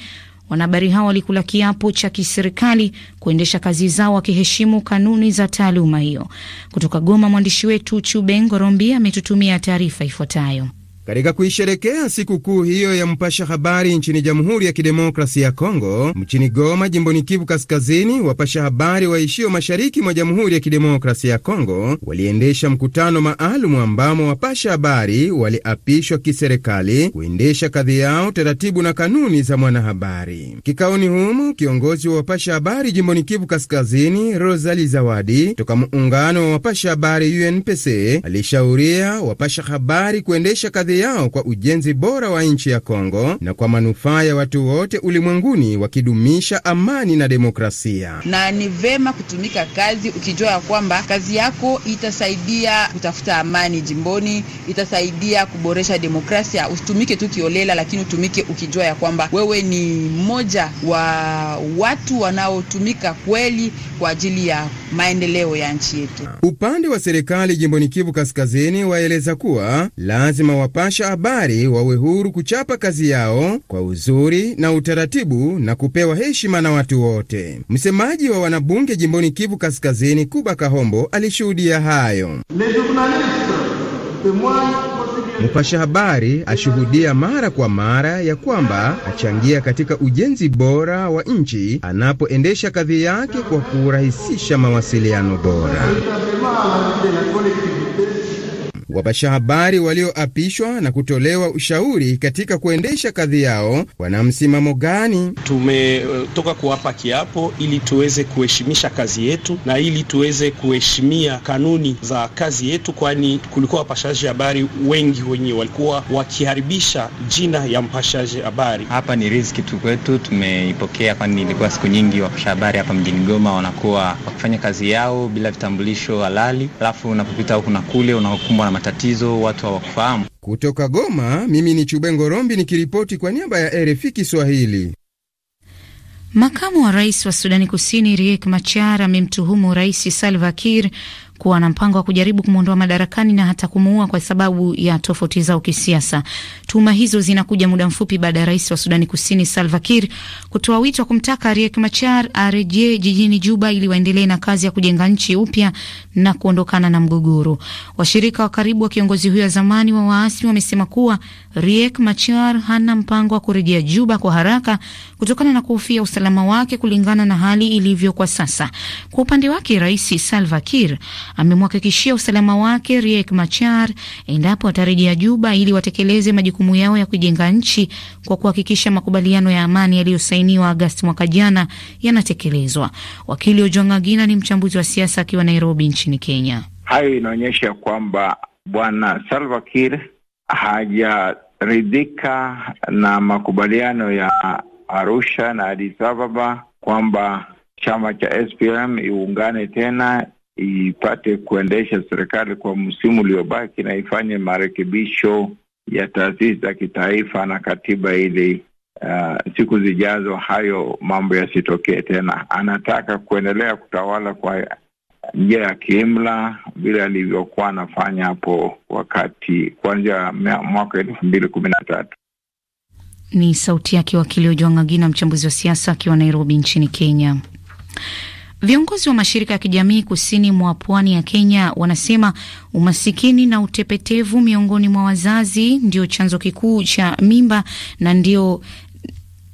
[SPEAKER 1] Wanahabari hao walikula kiapo cha kiserikali kuendesha kazi zao wakiheshimu kanuni za taaluma hiyo. Kutoka Goma, mwandishi wetu Chube Ngorombi ametutumia taarifa ifuatayo.
[SPEAKER 12] Katika kuisherekea sikukuu hiyo ya mpasha habari nchini Jamhuri ya Kidemokrasia ya Kongo, mchini Goma, jimboni Kivu Kaskazini, wapasha habari waishio mashariki mwa Jamhuri ya Kidemokrasia ya Kongo waliendesha mkutano maalum ambamo wapasha habari waliapishwa kiserikali kuendesha kadhi yao, taratibu na kanuni za mwanahabari. Kikaoni humu kiongozi wa wapasha habari jimboni Kivu Kaskazini, Rosali Zawadi toka muungano wa wapasha habari UNPC alishauria wapasha habari kuendesha kadhi yao kwa ujenzi bora wa nchi ya Kongo na kwa manufaa ya watu wote ulimwenguni, wakidumisha amani na demokrasia.
[SPEAKER 3] Na ni vema kutumika kazi ukijua ya kwamba kazi yako itasaidia kutafuta amani jimboni, itasaidia kuboresha demokrasia. Usitumike tu kiolela, lakini utumike ukijua ya kwamba wewe ni mmoja wa watu wanaotumika kweli kwa ajili ya maendeleo ya nchi
[SPEAKER 12] yetu. Upande wa serikali jimboni Kivu Kaskazini waeleza kuwa lazima wapa wapasha habari wawe huru kuchapa kazi yao kwa uzuri na utaratibu na kupewa heshima na watu wote. Msemaji wa wanabunge jimboni Kivu Kaskazini, Kuba Kahombo, alishuhudia hayo. Mpasha habari ashuhudia mara kwa mara ya kwamba achangia katika ujenzi bora wa nchi anapoendesha kadhi yake kwa kurahisisha mawasiliano bora. Wapasha habari walioapishwa na kutolewa ushauri katika kuendesha kadhi yao wana msimamo gani?
[SPEAKER 13] Tumetoka kuwapa kiapo ili tuweze kuheshimisha kazi yetu na ili tuweze kuheshimia kanuni za kazi yetu, kwani kulikuwa wapashaji habari wengi wenye walikuwa
[SPEAKER 11] wakiharibisha
[SPEAKER 13] jina ya mpashaji habari. Hapa ni riski tu kwetu, tumeipokea
[SPEAKER 12] kwani ilikuwa siku nyingi wapasha habari hapa mjini Goma wanakuwa wakifanya kazi yao bila vitambulisho halali, alafu unapopita huku na kule unakumbwa na matatizo, watu hawakufahamu. Kutoka Goma, mimi ni Chubengo Rombi nikiripoti kwa niaba ya RFI Kiswahili.
[SPEAKER 1] Makamu wa rais wa Sudani Kusini Riek Machar amemtuhumu Rais Salva Kiir kuwa na mpango wa kujaribu kumwondoa madarakani na hata kumuua kwa sababu ya tofauti zao kisiasa. Tuhuma hizo zinakuja muda mfupi baada ya rais wa Sudani Kusini Salva Kiir kutoa wito wa kumtaka Riek Machar arejee jijini Juba ili waendelee na kazi ya kujenga nchi upya na kuondokana na mgogoro. Washirika wa karibu wa kiongozi huyo wa zamani wa waasi wamesema kuwa Riek Machar hana mpango wa kurejea Juba kwa haraka kutokana na kuhofia usalama wake kulingana na hali ilivyo kwa sasa. Kwa upande wake, Rais Salva Kiir amemhakikishia usalama wake Riek Machar endapo atarejea Juba ili watekeleze majukumu yao ya kujenga nchi kwa kuhakikisha makubaliano ya amani yaliyosainiwa Agasti mwaka jana yanatekelezwa. Wakili Ojwang' Agina ni mchambuzi wa siasa akiwa Nairobi nchini Kenya.
[SPEAKER 6] Hayo inaonyesha kwamba Bwana Salva Kiir hajaridhika na makubaliano ya Arusha na Addis Ababa kwamba chama cha SPLM iungane tena ipate kuendesha serikali kwa msimu uliobaki na ifanye marekebisho ya taasisi za kitaifa na katiba ili uh, siku zijazo hayo mambo yasitokee tena. Anataka kuendelea kutawala kwa njia ya kiimla vile alivyokuwa anafanya hapo wakati kuanzia mwaka elfu mbili kumi na tatu.
[SPEAKER 1] Ni sauti yake wakili Ojwang' mchambuzi wa siasa akiwa Nairobi nchini Kenya. Viongozi wa mashirika ya kijamii kusini mwa pwani ya Kenya wanasema umasikini na utepetevu miongoni mwa wazazi ndio chanzo kikuu cha mimba na ndio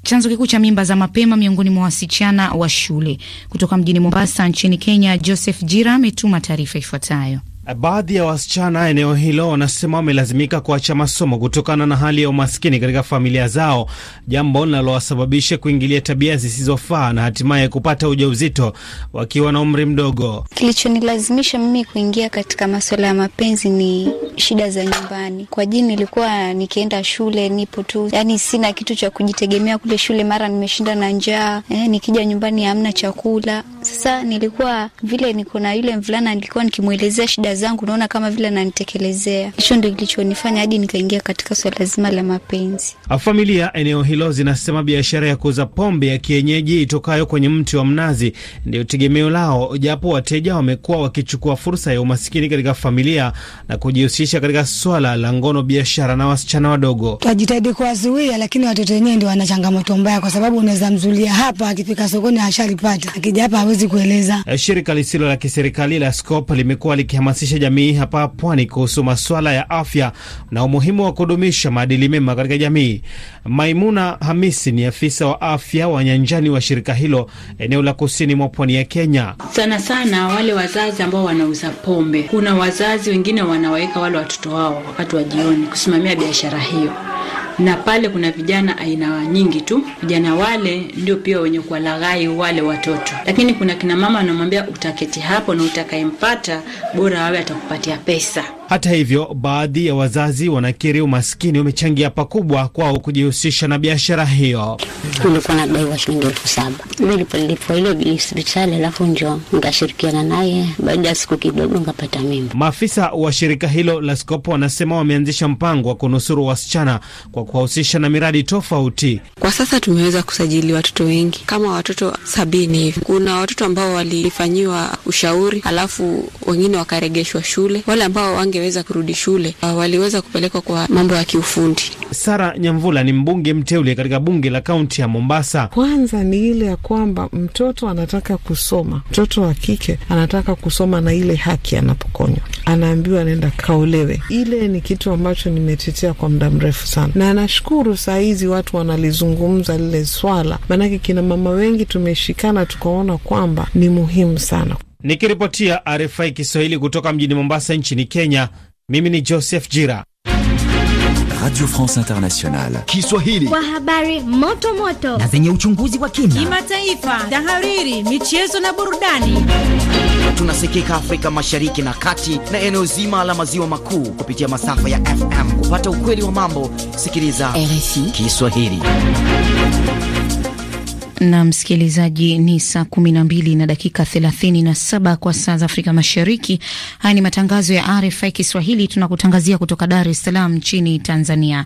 [SPEAKER 1] chanzo kikuu cha mimba za mapema miongoni mwa wasichana wa shule. Kutoka mjini Mombasa nchini Kenya, Joseph Jira ametuma taarifa ifuatayo.
[SPEAKER 13] Eh, baadhi ya wasichana eneo hilo wanasema wamelazimika kuacha masomo kutokana na hali ya umaskini katika familia zao, jambo linalowasababisha kuingilia tabia zisizofaa na hatimaye kupata ujauzito wakiwa na umri mdogo.
[SPEAKER 11] Kilichonilazimisha
[SPEAKER 1] mimi kuingia katika masuala ya mapenzi ni shida za nyumbani. Kwa jini nilikuwa nikienda shule nipo tu, yani sina kitu cha kujitegemea kule shule, mara nimeshinda na njaa eh, nikija nyumbani hamna chakula sasa nilikuwa vile niko na yule mvulana, nilikuwa nikimwelezea shida zangu, naona kama vile ananitekelezea. Hicho ndio kilichonifanya hadi nikaingia katika swala zima la mapenzi.
[SPEAKER 13] Familia eneo hilo zinasema biashara ya kuuza pombe ya kienyeji itokayo kwenye mti wa mnazi ndio tegemeo lao, japo wateja wamekuwa wakichukua fursa ya umasikini katika familia na kujihusisha katika swala la ngono biashara na wasichana wadogo.
[SPEAKER 10] Tajitahidi kuwazuia, lakini watoto wenyewe ndio wana changamoto mbaya, kwa sababu unaweza mzulia hapa, akifika sokoni ashalipata, akija hapa hawezi siwezi kueleza.
[SPEAKER 13] Eh, shirika lisilo la kiserikali la SCOP limekuwa likihamasisha jamii hapa pwani kuhusu masuala ya afya na umuhimu wa kudumisha maadili mema katika jamii. Maimuna Hamisi ni afisa wa afya wa nyanjani wa shirika hilo eneo la kusini mwa pwani ya Kenya.
[SPEAKER 14] Sana sana wale wazazi ambao wanauza pombe, kuna wazazi wengine wanawaweka wale watoto wao wakati wa jioni kusimamia biashara hiyo na pale kuna vijana aina nyingi tu. Vijana wale ndio pia wenye kuwalaghai wale watoto, lakini kuna kina mama wanamwambia utaketi hapo na utakayempata bora wawe atakupatia pesa.
[SPEAKER 13] Hata hivyo, baadhi ya wazazi wanakiri umaskini umechangia pakubwa kwao kujihusisha na biashara hiyo. Nilikuwa nadaiwa shilingi elfu saba
[SPEAKER 1] nilipolipwa hilo hospitali, alafu njo nikashirikiana naye, baada ya siku
[SPEAKER 13] kidogo nikapata mimba. Maafisa wa shirika hilo la Skopo wanasema wameanzisha mpango wa kunusuru wasichana kwa kuwahusisha na miradi tofauti.
[SPEAKER 14] Kwa sasa tumeweza kusajili watoto wengi kama watoto sabini hivi. Kuna watoto ambao walifanyiwa ushauri, alafu wengine wakaregeshwa shule. Wale ambao wange wangeweza kurudi shule, uh, waliweza kupelekwa kwa mambo ya
[SPEAKER 13] kiufundi. Sara Nyamvula ni mbunge mteule katika bunge la kaunti ya Mombasa.
[SPEAKER 15] Kwanza ni ile ya kwamba mtoto anataka kusoma, mtoto wa kike anataka kusoma na ile haki anapokonywa, anaambiwa anaenda kaolewe. Ile ni kitu ambacho nimetetea kwa muda mrefu sana, na nashukuru saa hizi watu wanalizungumza lile swala, maanake kina mama wengi tumeshikana tukaona kwamba ni muhimu sana.
[SPEAKER 13] Nikiripotia RFI Kiswahili kutoka mjini Mombasa nchini Kenya, mimi ni Joseph Jira. Radio
[SPEAKER 5] France Internationale
[SPEAKER 1] Kiswahili
[SPEAKER 14] kwa habari moto moto na
[SPEAKER 1] zenye uchunguzi wa kina,
[SPEAKER 14] kimataifa, tahariri, michezo na burudani.
[SPEAKER 9] Tunasikika Afrika Mashariki na Kati na eneo zima la maziwa makuu kupitia masafa ya FM. Kupata ukweli wa
[SPEAKER 4] mambo, sikiliza RFI Kiswahili
[SPEAKER 9] na
[SPEAKER 1] msikilizaji, ni saa kumi na mbili na dakika thelathini na saba kwa saa za Afrika Mashariki. Haya ni matangazo ya RFI Kiswahili, tunakutangazia kutoka Dar es Salaam nchini Tanzania.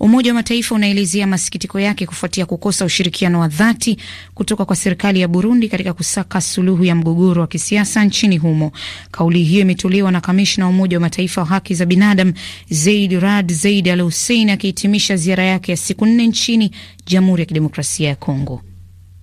[SPEAKER 1] Umoja wa Mataifa unaelezea masikitiko yake kufuatia kukosa ushirikiano wa dhati kutoka kwa serikali ya Burundi katika kusaka suluhu ya mgogoro wa kisiasa nchini humo. Kauli hiyo imetolewa na kamishna wa Umoja wa Mataifa wa haki za binadamu Zaid Rad Zaid Al Hussein akihitimisha ziara yake ya siku nne nchini Jamhuri ya Kidemokrasia ya Kongo.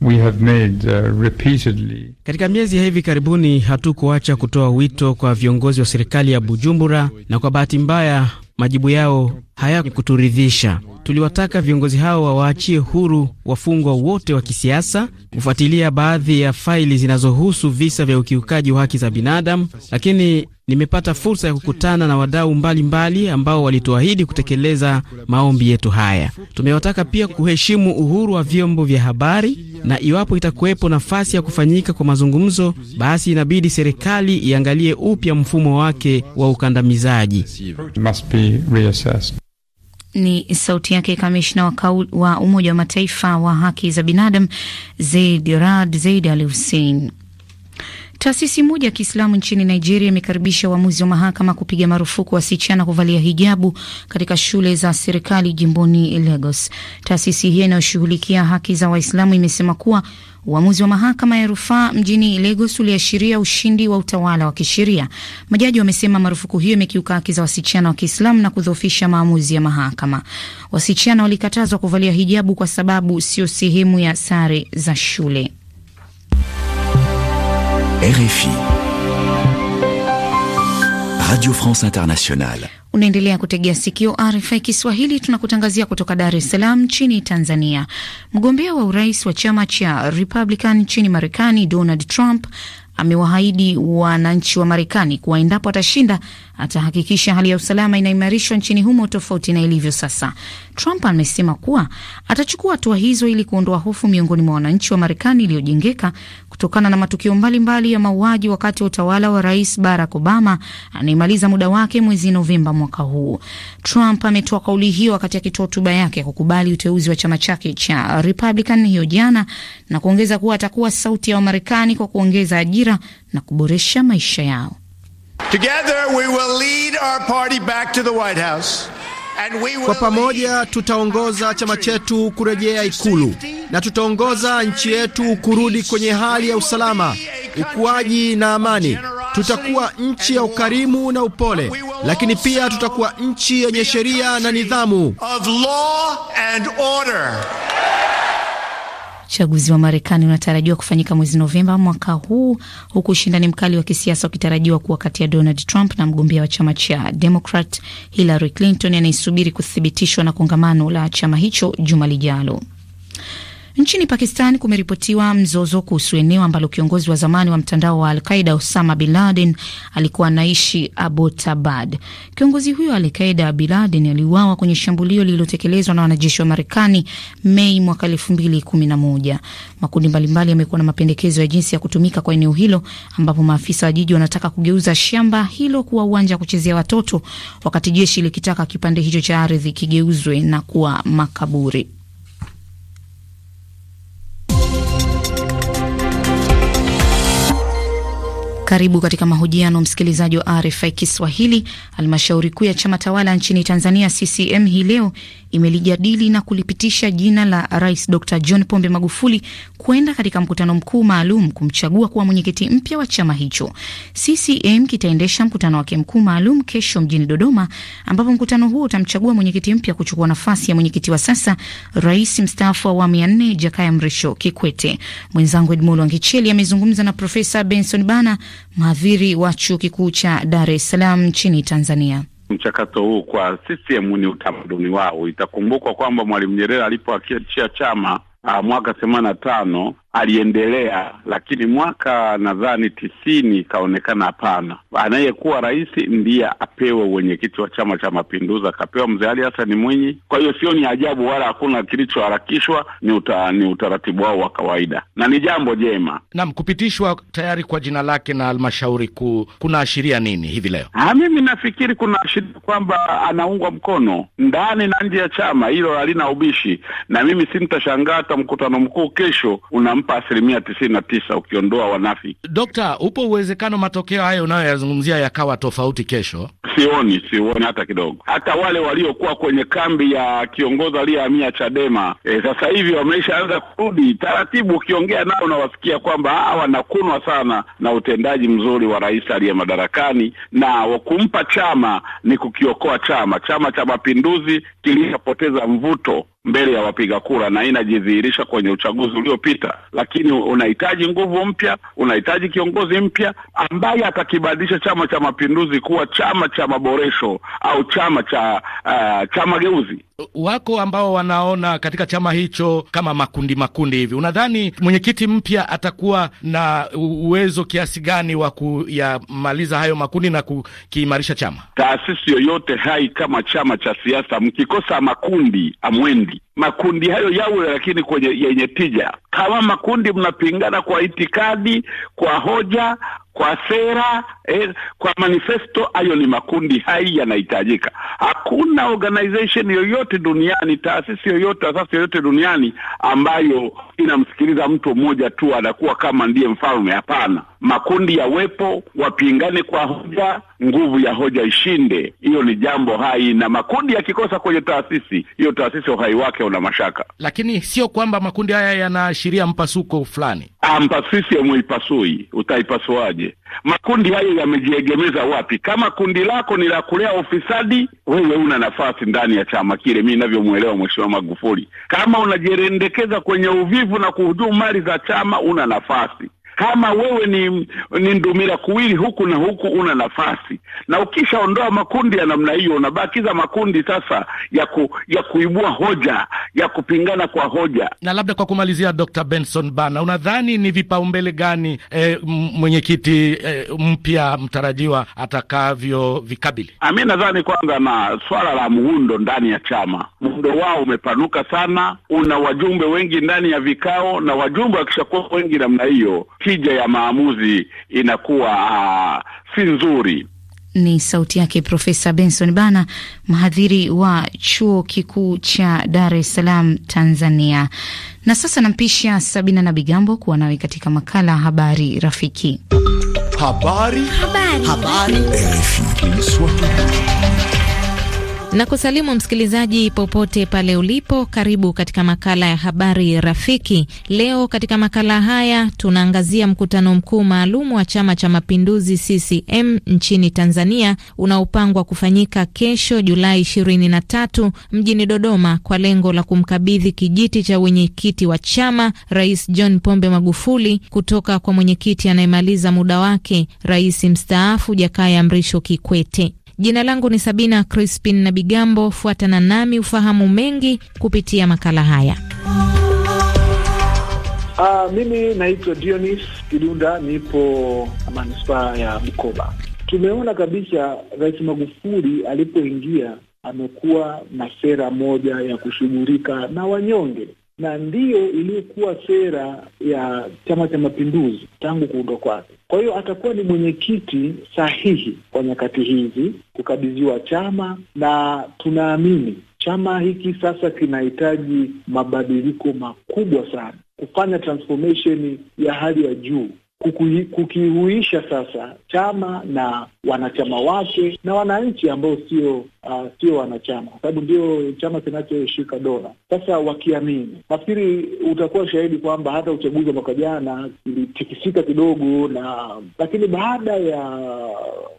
[SPEAKER 7] We have made, uh, repeatedly. Katika miezi
[SPEAKER 3] ya hivi karibuni hatukuacha kutoa wito kwa viongozi wa serikali ya Bujumbura na kwa bahati mbaya majibu yao hayakuturidhisha tuliwataka viongozi hao wawaachie huru wafungwa wote wa kisiasa, kufuatilia baadhi ya faili zinazohusu visa vya ukiukaji wa haki za binadamu, lakini nimepata fursa ya kukutana na wadau mbalimbali ambao walituahidi kutekeleza maombi yetu haya. Tumewataka pia kuheshimu uhuru wa vyombo vya habari, na iwapo itakuwepo nafasi ya kufanyika kwa mazungumzo, basi inabidi serikali iangalie upya mfumo wake wa ukandamizaji.
[SPEAKER 1] Ni sauti yake kamishna wa, wa Umoja wa Mataifa wa haki za binadamu Zeid Rad Zeid Al Hussein. Taasisi moja ya Kiislamu nchini Nigeria imekaribisha uamuzi wa mahakama kupiga marufuku wasichana kuvalia hijabu katika shule za serikali jimboni Lagos. Taasisi hiyo inayoshughulikia haki za Waislamu imesema kuwa uamuzi wa mahakama ya rufaa mjini Lagos uliashiria ushindi wa utawala wa kisheria. Majaji wamesema marufuku hiyo imekiuka haki za wasichana wa Kiislamu na kudhoofisha maamuzi ya mahakama. Wasichana walikatazwa kuvalia hijabu kwa sababu sio sehemu ya sare za shule.
[SPEAKER 12] RFI
[SPEAKER 5] Radio France Internationale.
[SPEAKER 1] Unaendelea kutegea sikio RFI Kiswahili, tunakutangazia kutoka Dar es Salaam nchini Tanzania. Mgombea wa urais wa chama cha Republican nchini Marekani Donald Trump amewaahidi wananchi wa Marekani kuwa endapo atashinda atahakikisha hali ya usalama inaimarishwa nchini humo tofauti na ilivyo sasa. Trump amesema kuwa atachukua hatua hizo ili kuondoa hofu miongoni mwa wananchi wa Marekani iliyojengeka kutokana na matukio mbalimbali mbali ya mauaji wakati wa utawala wa Rais Barack Obama anayemaliza muda wake mwezi Novemba mwaka huu. Trump ametoa kauli hiyo wakati akitoa hotuba yake ya kukubali uteuzi wa chama chake cha Republican hiyo jana, na kuongeza kuwa atakuwa sauti ya Wamarekani kwa kuongeza ajira na kuboresha maisha yao.
[SPEAKER 12] Together we will lead our party back to the White House. Kwa pamoja tutaongoza chama chetu kurejea Ikulu na tutaongoza nchi yetu kurudi kwenye hali ya usalama, ukuaji na amani. Tutakuwa nchi ya ukarimu na upole, lakini pia tutakuwa nchi yenye sheria na nidhamu.
[SPEAKER 1] Uchaguzi wa Marekani unatarajiwa kufanyika mwezi Novemba mwaka huu, huku ushindani mkali wa kisiasa ukitarajiwa kuwa kati ya Donald Trump na mgombea wa chama cha Demokrat Hillary Clinton anayesubiri kuthibitishwa na kongamano la chama hicho juma lijalo. Nchini Pakistan kumeripotiwa mzozo kuhusu eneo ambalo kiongozi wa zamani wa mtandao wa Alqaida Osama bin Laden alikuwa anaishi Abotabad. Kiongozi huyo wa Alqaida bin aliuawa kwenye shambulio lililotekelezwa na wanajeshi wa Marekani Mei mwaka elfu mbili kumi na moja. Makundi mbalimbali yamekuwa na mapendekezo ya jinsi ya kutumika kwa eneo hilo, ambapo maafisa wa jiji wanataka kugeuza shamba hilo kuwa uwanja wa kuchezea watoto, wakati jeshi likitaka kipande hicho cha ardhi kigeuzwe na kuwa makaburi. Karibu katika mahojiano msikilizaji wa RFI Kiswahili. Halmashauri kuu ya chama tawala nchini Tanzania CCM hii leo imelijadili na kulipitisha jina la Rais Dr John Pombe Magufuli kwenda katika mkutano mkuu maalum kumchagua kuwa mwenyekiti mpya wa chama hicho. CCM kitaendesha mkutano wake mkuu maalum kesho mjini Dodoma, ambapo mkutano huo utamchagua mwenyekiti mpya kuchukua nafasi ya mwenyekiti wa sasa, rais mstaafu wa awamu ya nne Jakaya Mrisho Kikwete. Mwenzangu Edmolo Wangicheli amezungumza na Profesa Benson Bana, mhadhiri wa chuo kikuu cha Dar es Salaam nchini Tanzania
[SPEAKER 6] mchakato huu kwa CCM ni utamaduni wao. Itakumbukwa kwamba Mwalimu Nyerere alipoachia chama ah, mwaka themanini na tano aliendelea, lakini mwaka nadhani tisini ikaonekana hapana, anayekuwa rais ndiye apewe uwenyekiti wa Chama cha Mapinduzi, akapewa mzee Ali Hassan Mwinyi. Kwa hiyo sio ni ajabu wala hakuna kilichoharakishwa, ni, uta, ni utaratibu wao wa kawaida na ni jambo jema.
[SPEAKER 4] Naam, kupitishwa tayari kwa jina lake na halmashauri kuu kunaashiria nini hivi leo?
[SPEAKER 6] Ha, ah, mimi nafikiri kunaashiria kwamba anaungwa mkono ndani na nje ya chama, hilo halina ubishi, na mimi sintashangaa hata mkutano mkuu kesho inampa asilimia tisini na tisa ukiondoa wanafiki.
[SPEAKER 4] Dokta, upo uwezekano matokeo hayo unayoyazungumzia yakawa tofauti kesho?
[SPEAKER 6] Sioni, sioni hata kidogo. Hata wale waliokuwa kwenye kambi ya kiongozi aliyehamia Chadema e, sasa hivi wameshaanza kurudi taratibu. Ukiongea nao unawasikia kwamba ah, wanakunwa sana na utendaji mzuri wa rais aliye madarakani, na kumpa chama ni kukiokoa chama. Chama cha Mapinduzi kilishapoteza mvuto mbele ya wapiga kura, na inajidhihirisha kwenye uchaguzi uliopita. Lakini unahitaji nguvu mpya, unahitaji kiongozi mpya ambaye atakibadilisha Chama cha Mapinduzi kuwa chama cha maboresho au chama cha uh, cha mageuzi
[SPEAKER 4] wako ambao wanaona katika chama hicho kama makundi makundi hivi. Unadhani mwenyekiti mpya atakuwa na uwezo kiasi gani wa kuyamaliza hayo makundi na kukiimarisha chama?
[SPEAKER 6] Taasisi yoyote hai kama chama cha siasa, mkikosa makundi amwendi. Makundi hayo yawe, lakini kwenye yenye tija kama makundi mnapingana kwa itikadi, kwa hoja, kwa sera eh, kwa manifesto. Hayo ni makundi hai, yanahitajika. Hakuna organization yoyote duniani, taasisi yoyote, asasi yoyote duniani ambayo inamsikiliza mtu mmoja tu, anakuwa kama ndiye mfalme. Hapana, makundi yawepo, wapingane kwa hoja, nguvu ya hoja ishinde. Hiyo ni jambo hai, na makundi yakikosa kwenye taasisi hiyo, taasisi uhai wake una mashaka.
[SPEAKER 4] Lakini sio kwamba makundi haya yanaashiria mpasuko fulani.
[SPEAKER 6] Ah, mpasisi mweipasui, utaipasuaje? makundi hayo yamejiegemeza wapi? Kama kundi lako ni la kulea ufisadi, wewe una nafasi ndani ya chama kile, mi ninavyomwelewa Mheshimiwa Magufuli. Kama unajirendekeza kwenye uvivu na kuhujumu mali za chama, una nafasi. Kama wewe ni, ni ndumira kuwili huku na huku, una nafasi, na ukishaondoa makundi ya namna hiyo, unabakiza makundi sasa ya, ku, ya kuibua hoja ya kupingana kwa hoja.
[SPEAKER 4] Na labda kwa kumalizia, Dr. Benson Bana, unadhani ni vipaumbele gani e, mwenyekiti e, mpya mtarajiwa atakavyo vikabili?
[SPEAKER 6] Ah, mi nadhani kwanza na swala la muundo ndani ya chama, muundo wao umepanuka sana, una wajumbe wengi ndani ya vikao, na wajumbe wakishakuwa wengi namna hiyo tija ya maamuzi inakuwa uh, si nzuri.
[SPEAKER 1] Ni sauti yake Profesa Benson Bana, mhadhiri wa chuo kikuu cha Dar es Salaam, Tanzania. Na sasa nampisha Sabina na Bigambo kuwa nawe katika makala Habari Rafiki.
[SPEAKER 8] Habari. Habari. Habari.
[SPEAKER 13] Habari
[SPEAKER 14] na kusalimu msikilizaji popote pale ulipo. Karibu katika makala ya habari rafiki. Leo katika makala haya tunaangazia mkutano mkuu maalum wa Chama cha Mapinduzi CCM nchini Tanzania unaopangwa kufanyika kesho Julai 23 mjini Dodoma kwa lengo la kumkabidhi kijiti cha wenyekiti wa chama Rais John Pombe Magufuli kutoka kwa mwenyekiti anayemaliza muda wake, rais mstaafu Jakaya Mrisho Kikwete. Jina langu ni Sabina Crispin na Bigambo. Fuatana nami ufahamu mengi kupitia makala haya.
[SPEAKER 9] Uh,
[SPEAKER 8] mimi naitwa Dionis Kidunda, nipo manispaa ya Bukoba. Tumeona kabisa Rais Magufuli alipoingia amekuwa na sera moja ya kushughulika na wanyonge na ndiyo iliyokuwa sera ya Chama cha Mapinduzi tangu kuundwa kwake. Kwa hiyo atakuwa ni mwenyekiti sahihi kwa nyakati hizi kukabidhiwa chama, na tunaamini chama hiki sasa kinahitaji mabadiliko makubwa sana, kufanya transformation ya hali ya juu kukihuisha sasa chama na wanachama wake na wananchi ambao sio uh, sio wanachama, kwa sababu ndio chama kinachoshika dola. Sasa wakiamini, nafikiri utakuwa shahidi kwamba hata uchaguzi wa mwaka jana ilitikisika kidogo, na lakini baada ya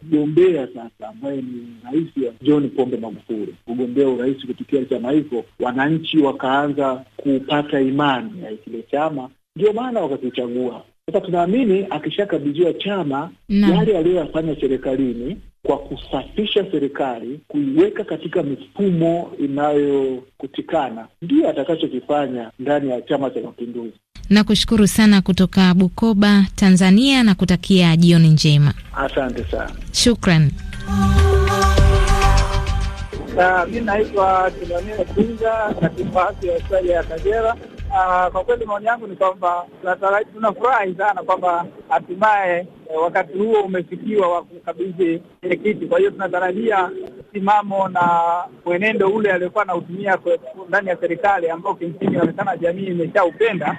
[SPEAKER 8] mgombea sasa ambaye ni Rais John Pombe Magufuli kugombea urais kupitia chama hiko, wananchi wakaanza kupata imani ya kile chama, ndio maana wakakichagua sasa tunaamini akishakabidhiwa chama yale aliyoyafanya serikalini kwa kusafisha serikali, kuiweka katika mifumo inayokutikana, ndiyo atakachokifanya ndani ya Chama cha Mapinduzi.
[SPEAKER 14] Nakushukuru sana kutoka Bukoba, Tanzania, na kutakia jioni njema.
[SPEAKER 16] Asante sana, shukran. Mi naitwa Tumaini Kunja, katibu haki ya Australia ya Kagera. Uh, kwa kweli maoni yangu ni kwamba tunafurahi sana kwamba hatimaye eh, wakati huo umefikiwa wa kukabidhi mwenyekiti. Kwa hiyo tunatarajia msimamo na mwenendo ule aliyokuwa anautumia ndani ya serikali ambao kimsingi inaonekana jamii imeshaupenda,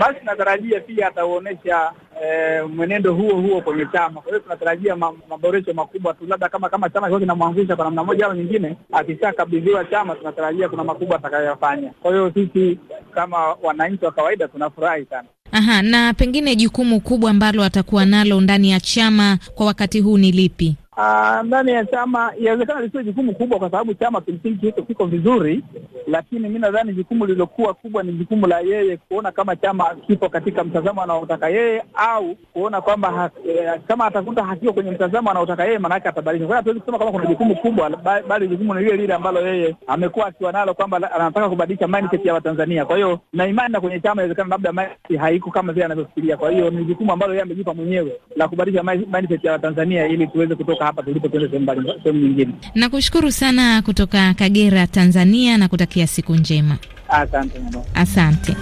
[SPEAKER 16] basi tunatarajia pia atauonyesha Eh, mwenendo huo huo kwenye chama. Kwa hiyo tunatarajia maboresho makubwa tu, labda kama kama chama kiwa kinamwanzisha kwa namna moja au nyingine, akishakabidhiwa chama, tunatarajia kuna makubwa atakayoyafanya. Kwa hiyo sisi kama wananchi wa kawaida tunafurahi sana.
[SPEAKER 14] Aha, na pengine jukumu kubwa ambalo atakuwa nalo ndani ya chama kwa wakati huu ni lipi?
[SPEAKER 16] Ah, ndani ya chama inawezekana lisiwe jukumu kubwa, kwa sababu chama kimsingi hicho kiko vizuri, lakini mi nadhani jukumu lililokuwa kubwa ni jukumu la yeye kuona kama chama kipo katika mtazamo anaotaka yeye, au kuona kwamba ha, eh, kama atakuta hakiko kwenye mtazamo anaotaka yeye, maanake atabadilisha. Kwa hiyo hatuwezi kusema kama kuna jukumu kubwa, bali jukumu ni lile lile ambalo yeye amekuwa akiwa nalo, kwamba anataka kubadilisha mindset ya Watanzania. Kwa hiyo na imani na kwenye chama inawezekana labda mindset haiko kama vile anavyofikiria. Kwa hiyo ni jukumu ambalo yeye amejipa mwenyewe la kubadilisha mindset ya Watanzania ili tuweze kutoka kutoka hapa tulipo tuende sehemu mbalimbali, sehemu nyingine.
[SPEAKER 14] Nakushukuru sana kutoka Kagera, Tanzania, na kutakia siku njema. Asante, asante.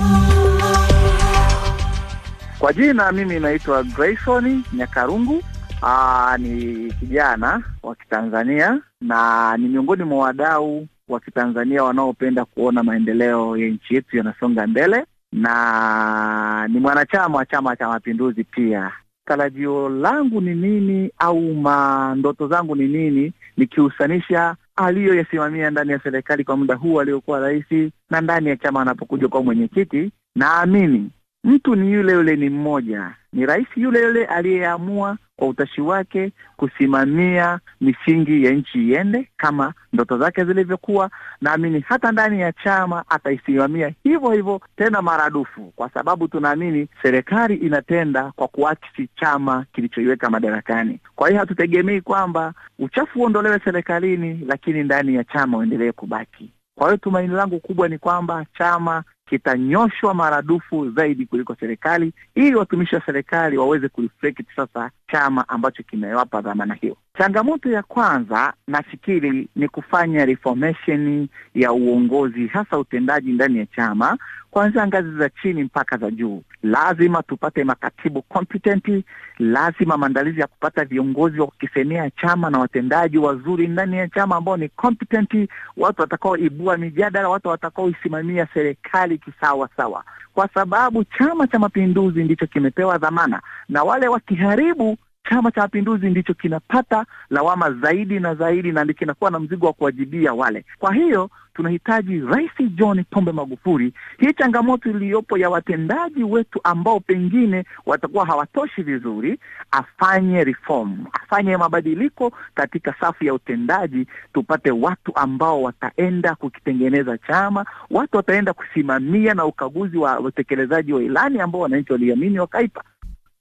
[SPEAKER 5] Kwa jina mimi naitwa Grayson Nyakarungu. Aa, ni kijana wa Kitanzania na ni miongoni mwa wadau wa Kitanzania wanaopenda kuona maendeleo ya nchi yetu yanasonga mbele na ni mwanachama wa Chama cha Mapinduzi pia tarajio langu ni nini au mandoto zangu ni nini, nikihusanisha aliyoyasimamia ndani ya serikali kwa muda huu aliyokuwa rais na ndani ya chama anapokuja kuwa mwenyekiti, naamini Mtu ni yule yule, ni mmoja, ni rais yule yule aliyeamua kwa utashi wake kusimamia misingi ya nchi iende kama ndoto zake zilivyokuwa. Naamini hata ndani ya chama ataisimamia hivyo hivyo tena maradufu, kwa sababu tunaamini serikali inatenda kwa kuakisi chama kilichoiweka madarakani. Kwa hiyo hatutegemei kwamba uchafu uondolewe serikalini, lakini ndani ya chama uendelee kubaki. Kwa hiyo tumaini langu kubwa ni kwamba chama kitanyoshwa maradufu zaidi kuliko serikali, ili watumishi wa serikali waweze kureflect sasa chama ambacho kimewapa dhamana hiyo. Changamoto ya kwanza nafikiri ni kufanya reformation ya uongozi, hasa utendaji ndani ya chama kuanzia ngazi za chini mpaka za juu. Lazima tupate makatibu competent, lazima maandalizi ya kupata viongozi wa kukisemea chama na watendaji wazuri ndani ya chama ambao ni competent, watu watakaoibua mijadala, watu watakaoisimamia serikali kisawasawa, kwa sababu Chama cha Mapinduzi ndicho kimepewa dhamana, na wale wakiharibu Chama cha Mapinduzi ndicho kinapata lawama zaidi na zaidi, na kinakuwa na mzigo wa kuwajibia wale. Kwa hiyo tunahitaji Rais John Pombe Magufuli, hii changamoto iliyopo ya watendaji wetu ambao pengine watakuwa hawatoshi vizuri, afanye reform, afanye mabadiliko katika safu ya utendaji, tupate watu ambao wataenda kukitengeneza chama, watu wataenda kusimamia na ukaguzi wa utekelezaji wa ilani ambao wananchi waliamini wakaipa.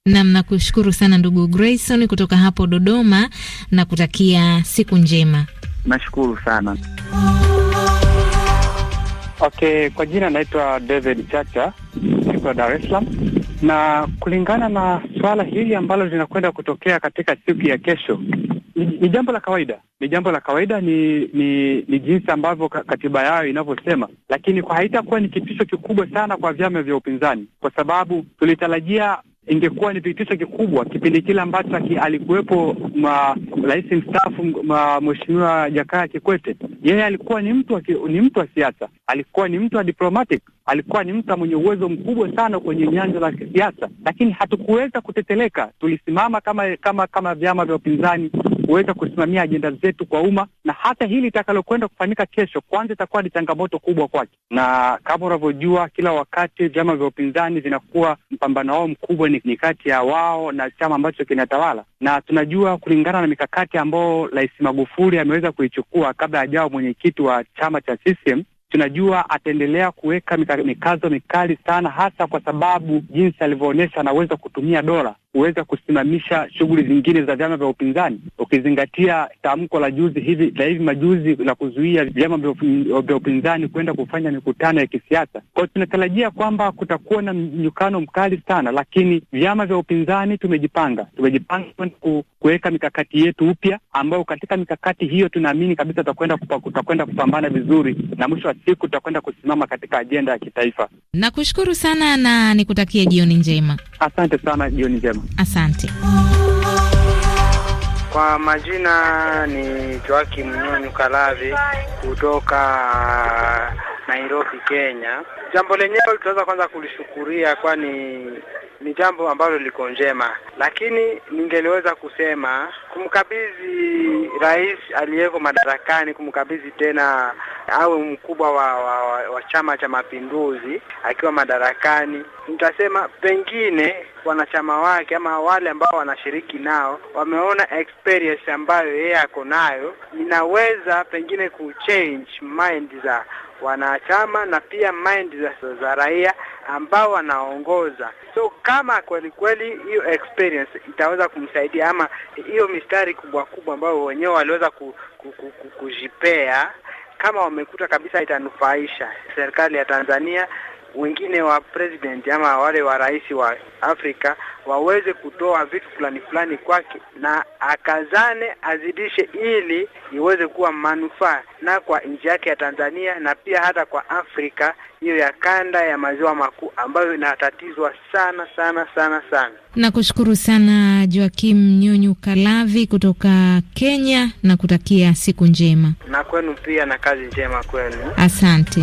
[SPEAKER 14] Nam, nakushukuru sana ndugu Grayson kutoka hapo Dodoma na kutakia siku njema.
[SPEAKER 7] Nashukuru sana. Okay, kwa jina naitwa David Chacha, niko Dar es Salaam, na kulingana na swala hili ambalo linakwenda kutokea katika siku ya kesho, ni, jambo la kawaida, ni jambo la kawaida, ni ni, ni jinsi ambavyo katiba yao inavyosema, lakini haitakuwa ni kitisho kikubwa sana kwa vyama vya upinzani, kwa sababu tulitarajia ingekuwa ni vitisho kikubwa kipindi kile ambacho alikuwepo rais mstaafu Mheshimiwa Jakaya Kikwete. Yeye alikuwa ni mtu wa, ni mtu wa siasa, alikuwa ni mtu wa diplomatic, alikuwa ni mtu mwenye uwezo mkubwa sana kwenye nyanja za kisiasa, lakini hatukuweza kuteteleka. Tulisimama kama kama kama vyama vya upinzani kuweza kusimamia ajenda zetu kwa umma, na hata hili litakalokwenda kufanyika kesho, kwanza itakuwa ni changamoto kubwa kwake, na kama unavyojua, kila wakati vyama vya upinzani vinakuwa mpambano wao mkubwa ni, ni kati ya wao na chama ambacho kinatawala, na tunajua kulingana na mikakati ambayo Rais Magufuli ameweza kuichukua kabla ajao mwenyekiti wa chama cha CCM tunajua ataendelea kuweka mikazo mikali sana, hasa kwa sababu jinsi alivyoonyesha anaweza kutumia dola kuweza kusimamisha shughuli zingine za vyama vya upinzani, ukizingatia tamko la juzi hivi la hivi majuzi la kuzuia vyama vya upinzani kwenda kufanya mikutano ya kisiasa. Kwao tunatarajia kwamba kutakuwa na mnyukano mkali sana, lakini vyama vya upinzani tumejipanga, tumejipanga kwenda kuweka mikakati yetu upya, ambayo katika mikakati hiyo tunaamini kabisa tutakwenda tutakwenda kupambana vizuri, na mwisho wa siku tutakwenda kusimama katika ajenda ya kitaifa.
[SPEAKER 14] Nakushukuru sana na nikutakie jioni njema.
[SPEAKER 7] Asante sana, jioni njema.
[SPEAKER 14] Asante.
[SPEAKER 15] Kwa majina ni Joaki Mnyonyu Kalavi kutoka Nairobi, Kenya. Jambo lenyewe tunaweza kwanza kulishukuria, kwani ni jambo ambalo liko njema, lakini ningeliweza kusema
[SPEAKER 12] kumkabidhi
[SPEAKER 15] rais aliyeko madarakani, kumkabidhi tena awe mkubwa wa, wa, wa, wa Chama cha Mapinduzi akiwa madarakani, nitasema pengine wanachama wake ama wale ambao wanashiriki nao wameona experience ambayo yeye ako nayo inaweza pengine kuchange mind za wanachama na pia mind za, za raia ambao wanaongoza. So kama kweli kweli hiyo experience itaweza kumsaidia ama hiyo mistari kubwa kubwa ambayo wenyewe waliweza ku, ku, ku, ku, kujipea, kama wamekuta kabisa itanufaisha serikali ya Tanzania wengine wa president ama wale wa rais wa Afrika waweze kutoa vitu fulani fulani kwake, na akazane azidishe, ili iweze kuwa manufaa na kwa nchi yake ya Tanzania na pia hata kwa Afrika hiyo ya kanda ya maziwa makuu ambayo inatatizwa sana sana sana sana.
[SPEAKER 14] Nakushukuru sana Joakim Nyonyu Kalavi kutoka Kenya na kutakia siku njema,
[SPEAKER 15] na kwenu pia na kazi njema kwenu,
[SPEAKER 14] asante.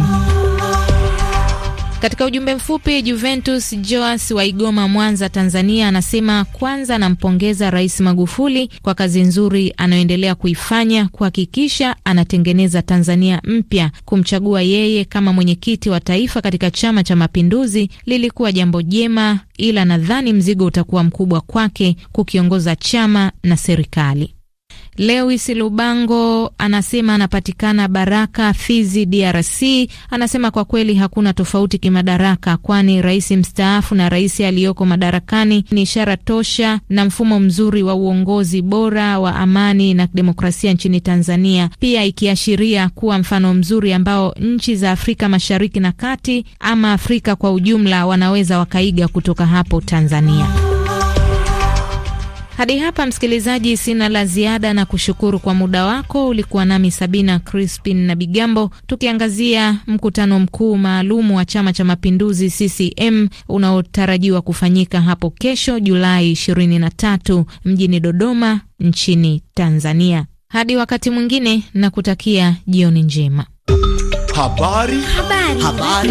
[SPEAKER 14] Katika ujumbe mfupi, Juventus Joas wa Igoma, Mwanza, Tanzania, anasema kwanza anampongeza Rais Magufuli kwa kazi nzuri anayoendelea kuifanya kuhakikisha anatengeneza Tanzania mpya. Kumchagua yeye kama mwenyekiti wa taifa katika Chama cha Mapinduzi lilikuwa jambo jema, ila nadhani mzigo utakuwa mkubwa kwake kukiongoza chama na serikali. Lewis Lubango anasema anapatikana Baraka, Fizi, DRC. Anasema kwa kweli hakuna tofauti kimadaraka, kwani rais mstaafu na rais aliyoko madarakani ni ishara tosha na mfumo mzuri wa uongozi bora wa amani na demokrasia nchini Tanzania, pia ikiashiria kuwa mfano mzuri ambao nchi za Afrika Mashariki na Kati ama Afrika kwa ujumla wanaweza wakaiga kutoka hapo Tanzania. Hadi hapa msikilizaji, sina la ziada na kushukuru kwa muda wako. Ulikuwa nami Sabina Crispin na Bigambo tukiangazia mkutano mkuu maalum wa Chama cha Mapinduzi CCM unaotarajiwa kufanyika hapo kesho Julai 23 mjini Dodoma nchini Tanzania. Hadi wakati mwingine na kutakia jioni njema.
[SPEAKER 8] Habari. Habari. Habari.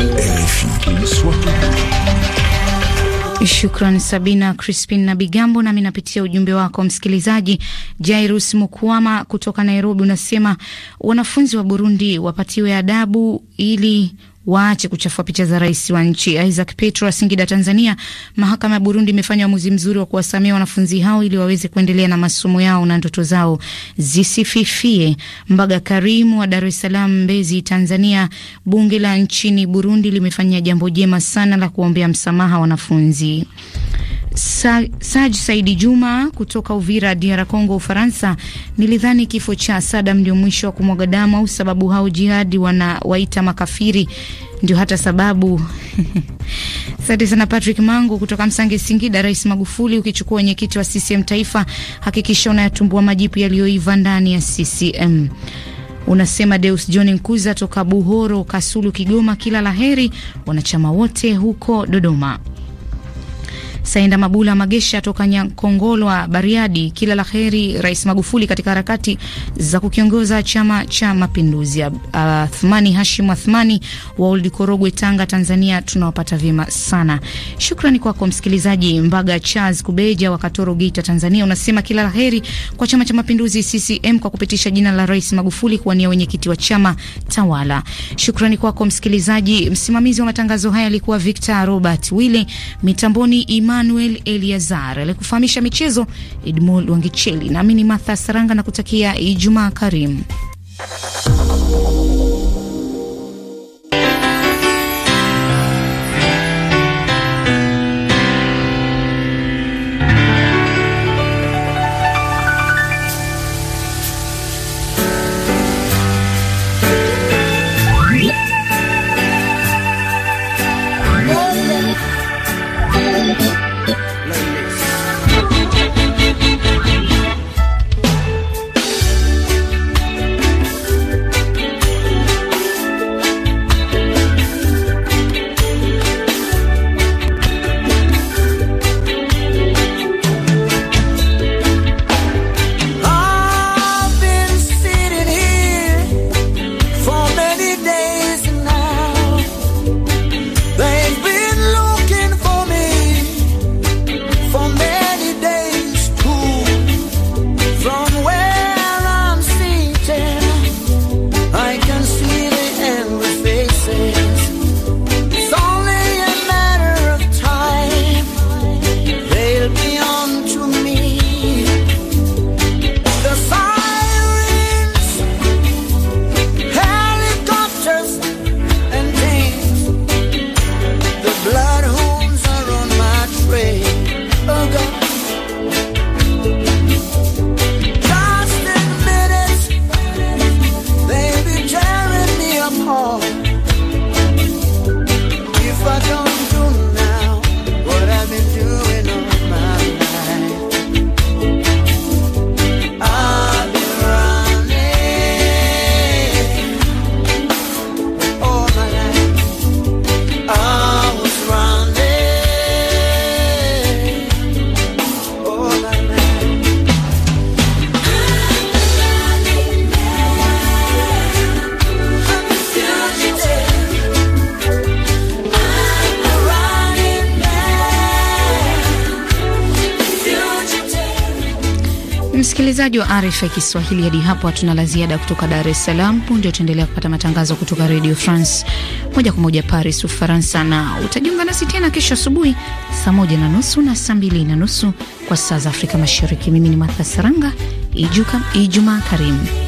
[SPEAKER 1] Shukran Sabina Crispin na Bigambo. Nami napitia ujumbe wako msikilizaji Jairus Mukuama kutoka Nairobi, unasema wanafunzi wa Burundi wapatiwe adabu ili waache kuchafua picha za rais wa nchi. Isaac Petro Singida, Tanzania. Mahakama ya Burundi imefanya uamuzi mzuri wa kuwasamia wanafunzi hao ili waweze kuendelea na masomo yao na ndoto zao zisififie. Mbaga Karimu wa Dar es Salaam, Mbezi, Tanzania. Bunge la nchini Burundi limefanya jambo jema sana la kuombea msamaha wanafunzi. Sa, Saj Saidi Juma kutoka Uvira, DR Congo, Ufaransa. Nilidhani kifo cha Sadam ndio mwisho wa kumwaga damu, au sababu hao jihadi wanawaita makafiri ndio hata sababu. (laughs) Asante sana Patrick Mangu kutoka Msange, Singida. Rais Magufuli, ukichukua wenyekiti wa CCM taifa, hakikisha unayatumbua majipu yaliyoiva ndani ya CCM. Unasema Deus John Nkuza toka Buhoro, Kasulu, Kigoma, kila laheri wanachama wote huko Dodoma. Saenda Mabula Magesha toka Nyakongolwa, Bariadi. Kila la heri Rais Magufuli katika harakati za kukiongoza Chama cha Mapinduzi. Athmani Hashim Athmani wa Old Korogwe, Tanga, Tanzania, tunawapata vyema sana. Shukrani kwako kwa msikilizaji. Mbaga Charles Kubeja wa Katoro, Geita, Tanzania, unasema kila la heri kwa Chama cha Mapinduzi CCM kwa kupitisha jina la Rais Magufuli kuwania wenyekiti wa chama tawala. Shukrani kwako kwa msikilizaji. Msimamizi wa matangazo haya alikuwa Victor Robert Wille, mitamboni ima Emmanuel Eliazar alikufahamisha michezo, Edmond Wangicheli. Nami ni Martha Saranga na kutakia Ijumaa karimu. Msikilizaji wa RFI Kiswahili, hadi hapo hatuna la ziada kutoka Dar es Salaam. Punde utaendelea kupata matangazo kutoka Radio France moja kwa moja Paris, Ufaransa, na utajiunga nasi tena kesho asubuhi saa moja na nusu na saa mbili na nusu kwa saa za Afrika Mashariki. Mimi ni matha Saranga. ijuma Ijumaa karimu.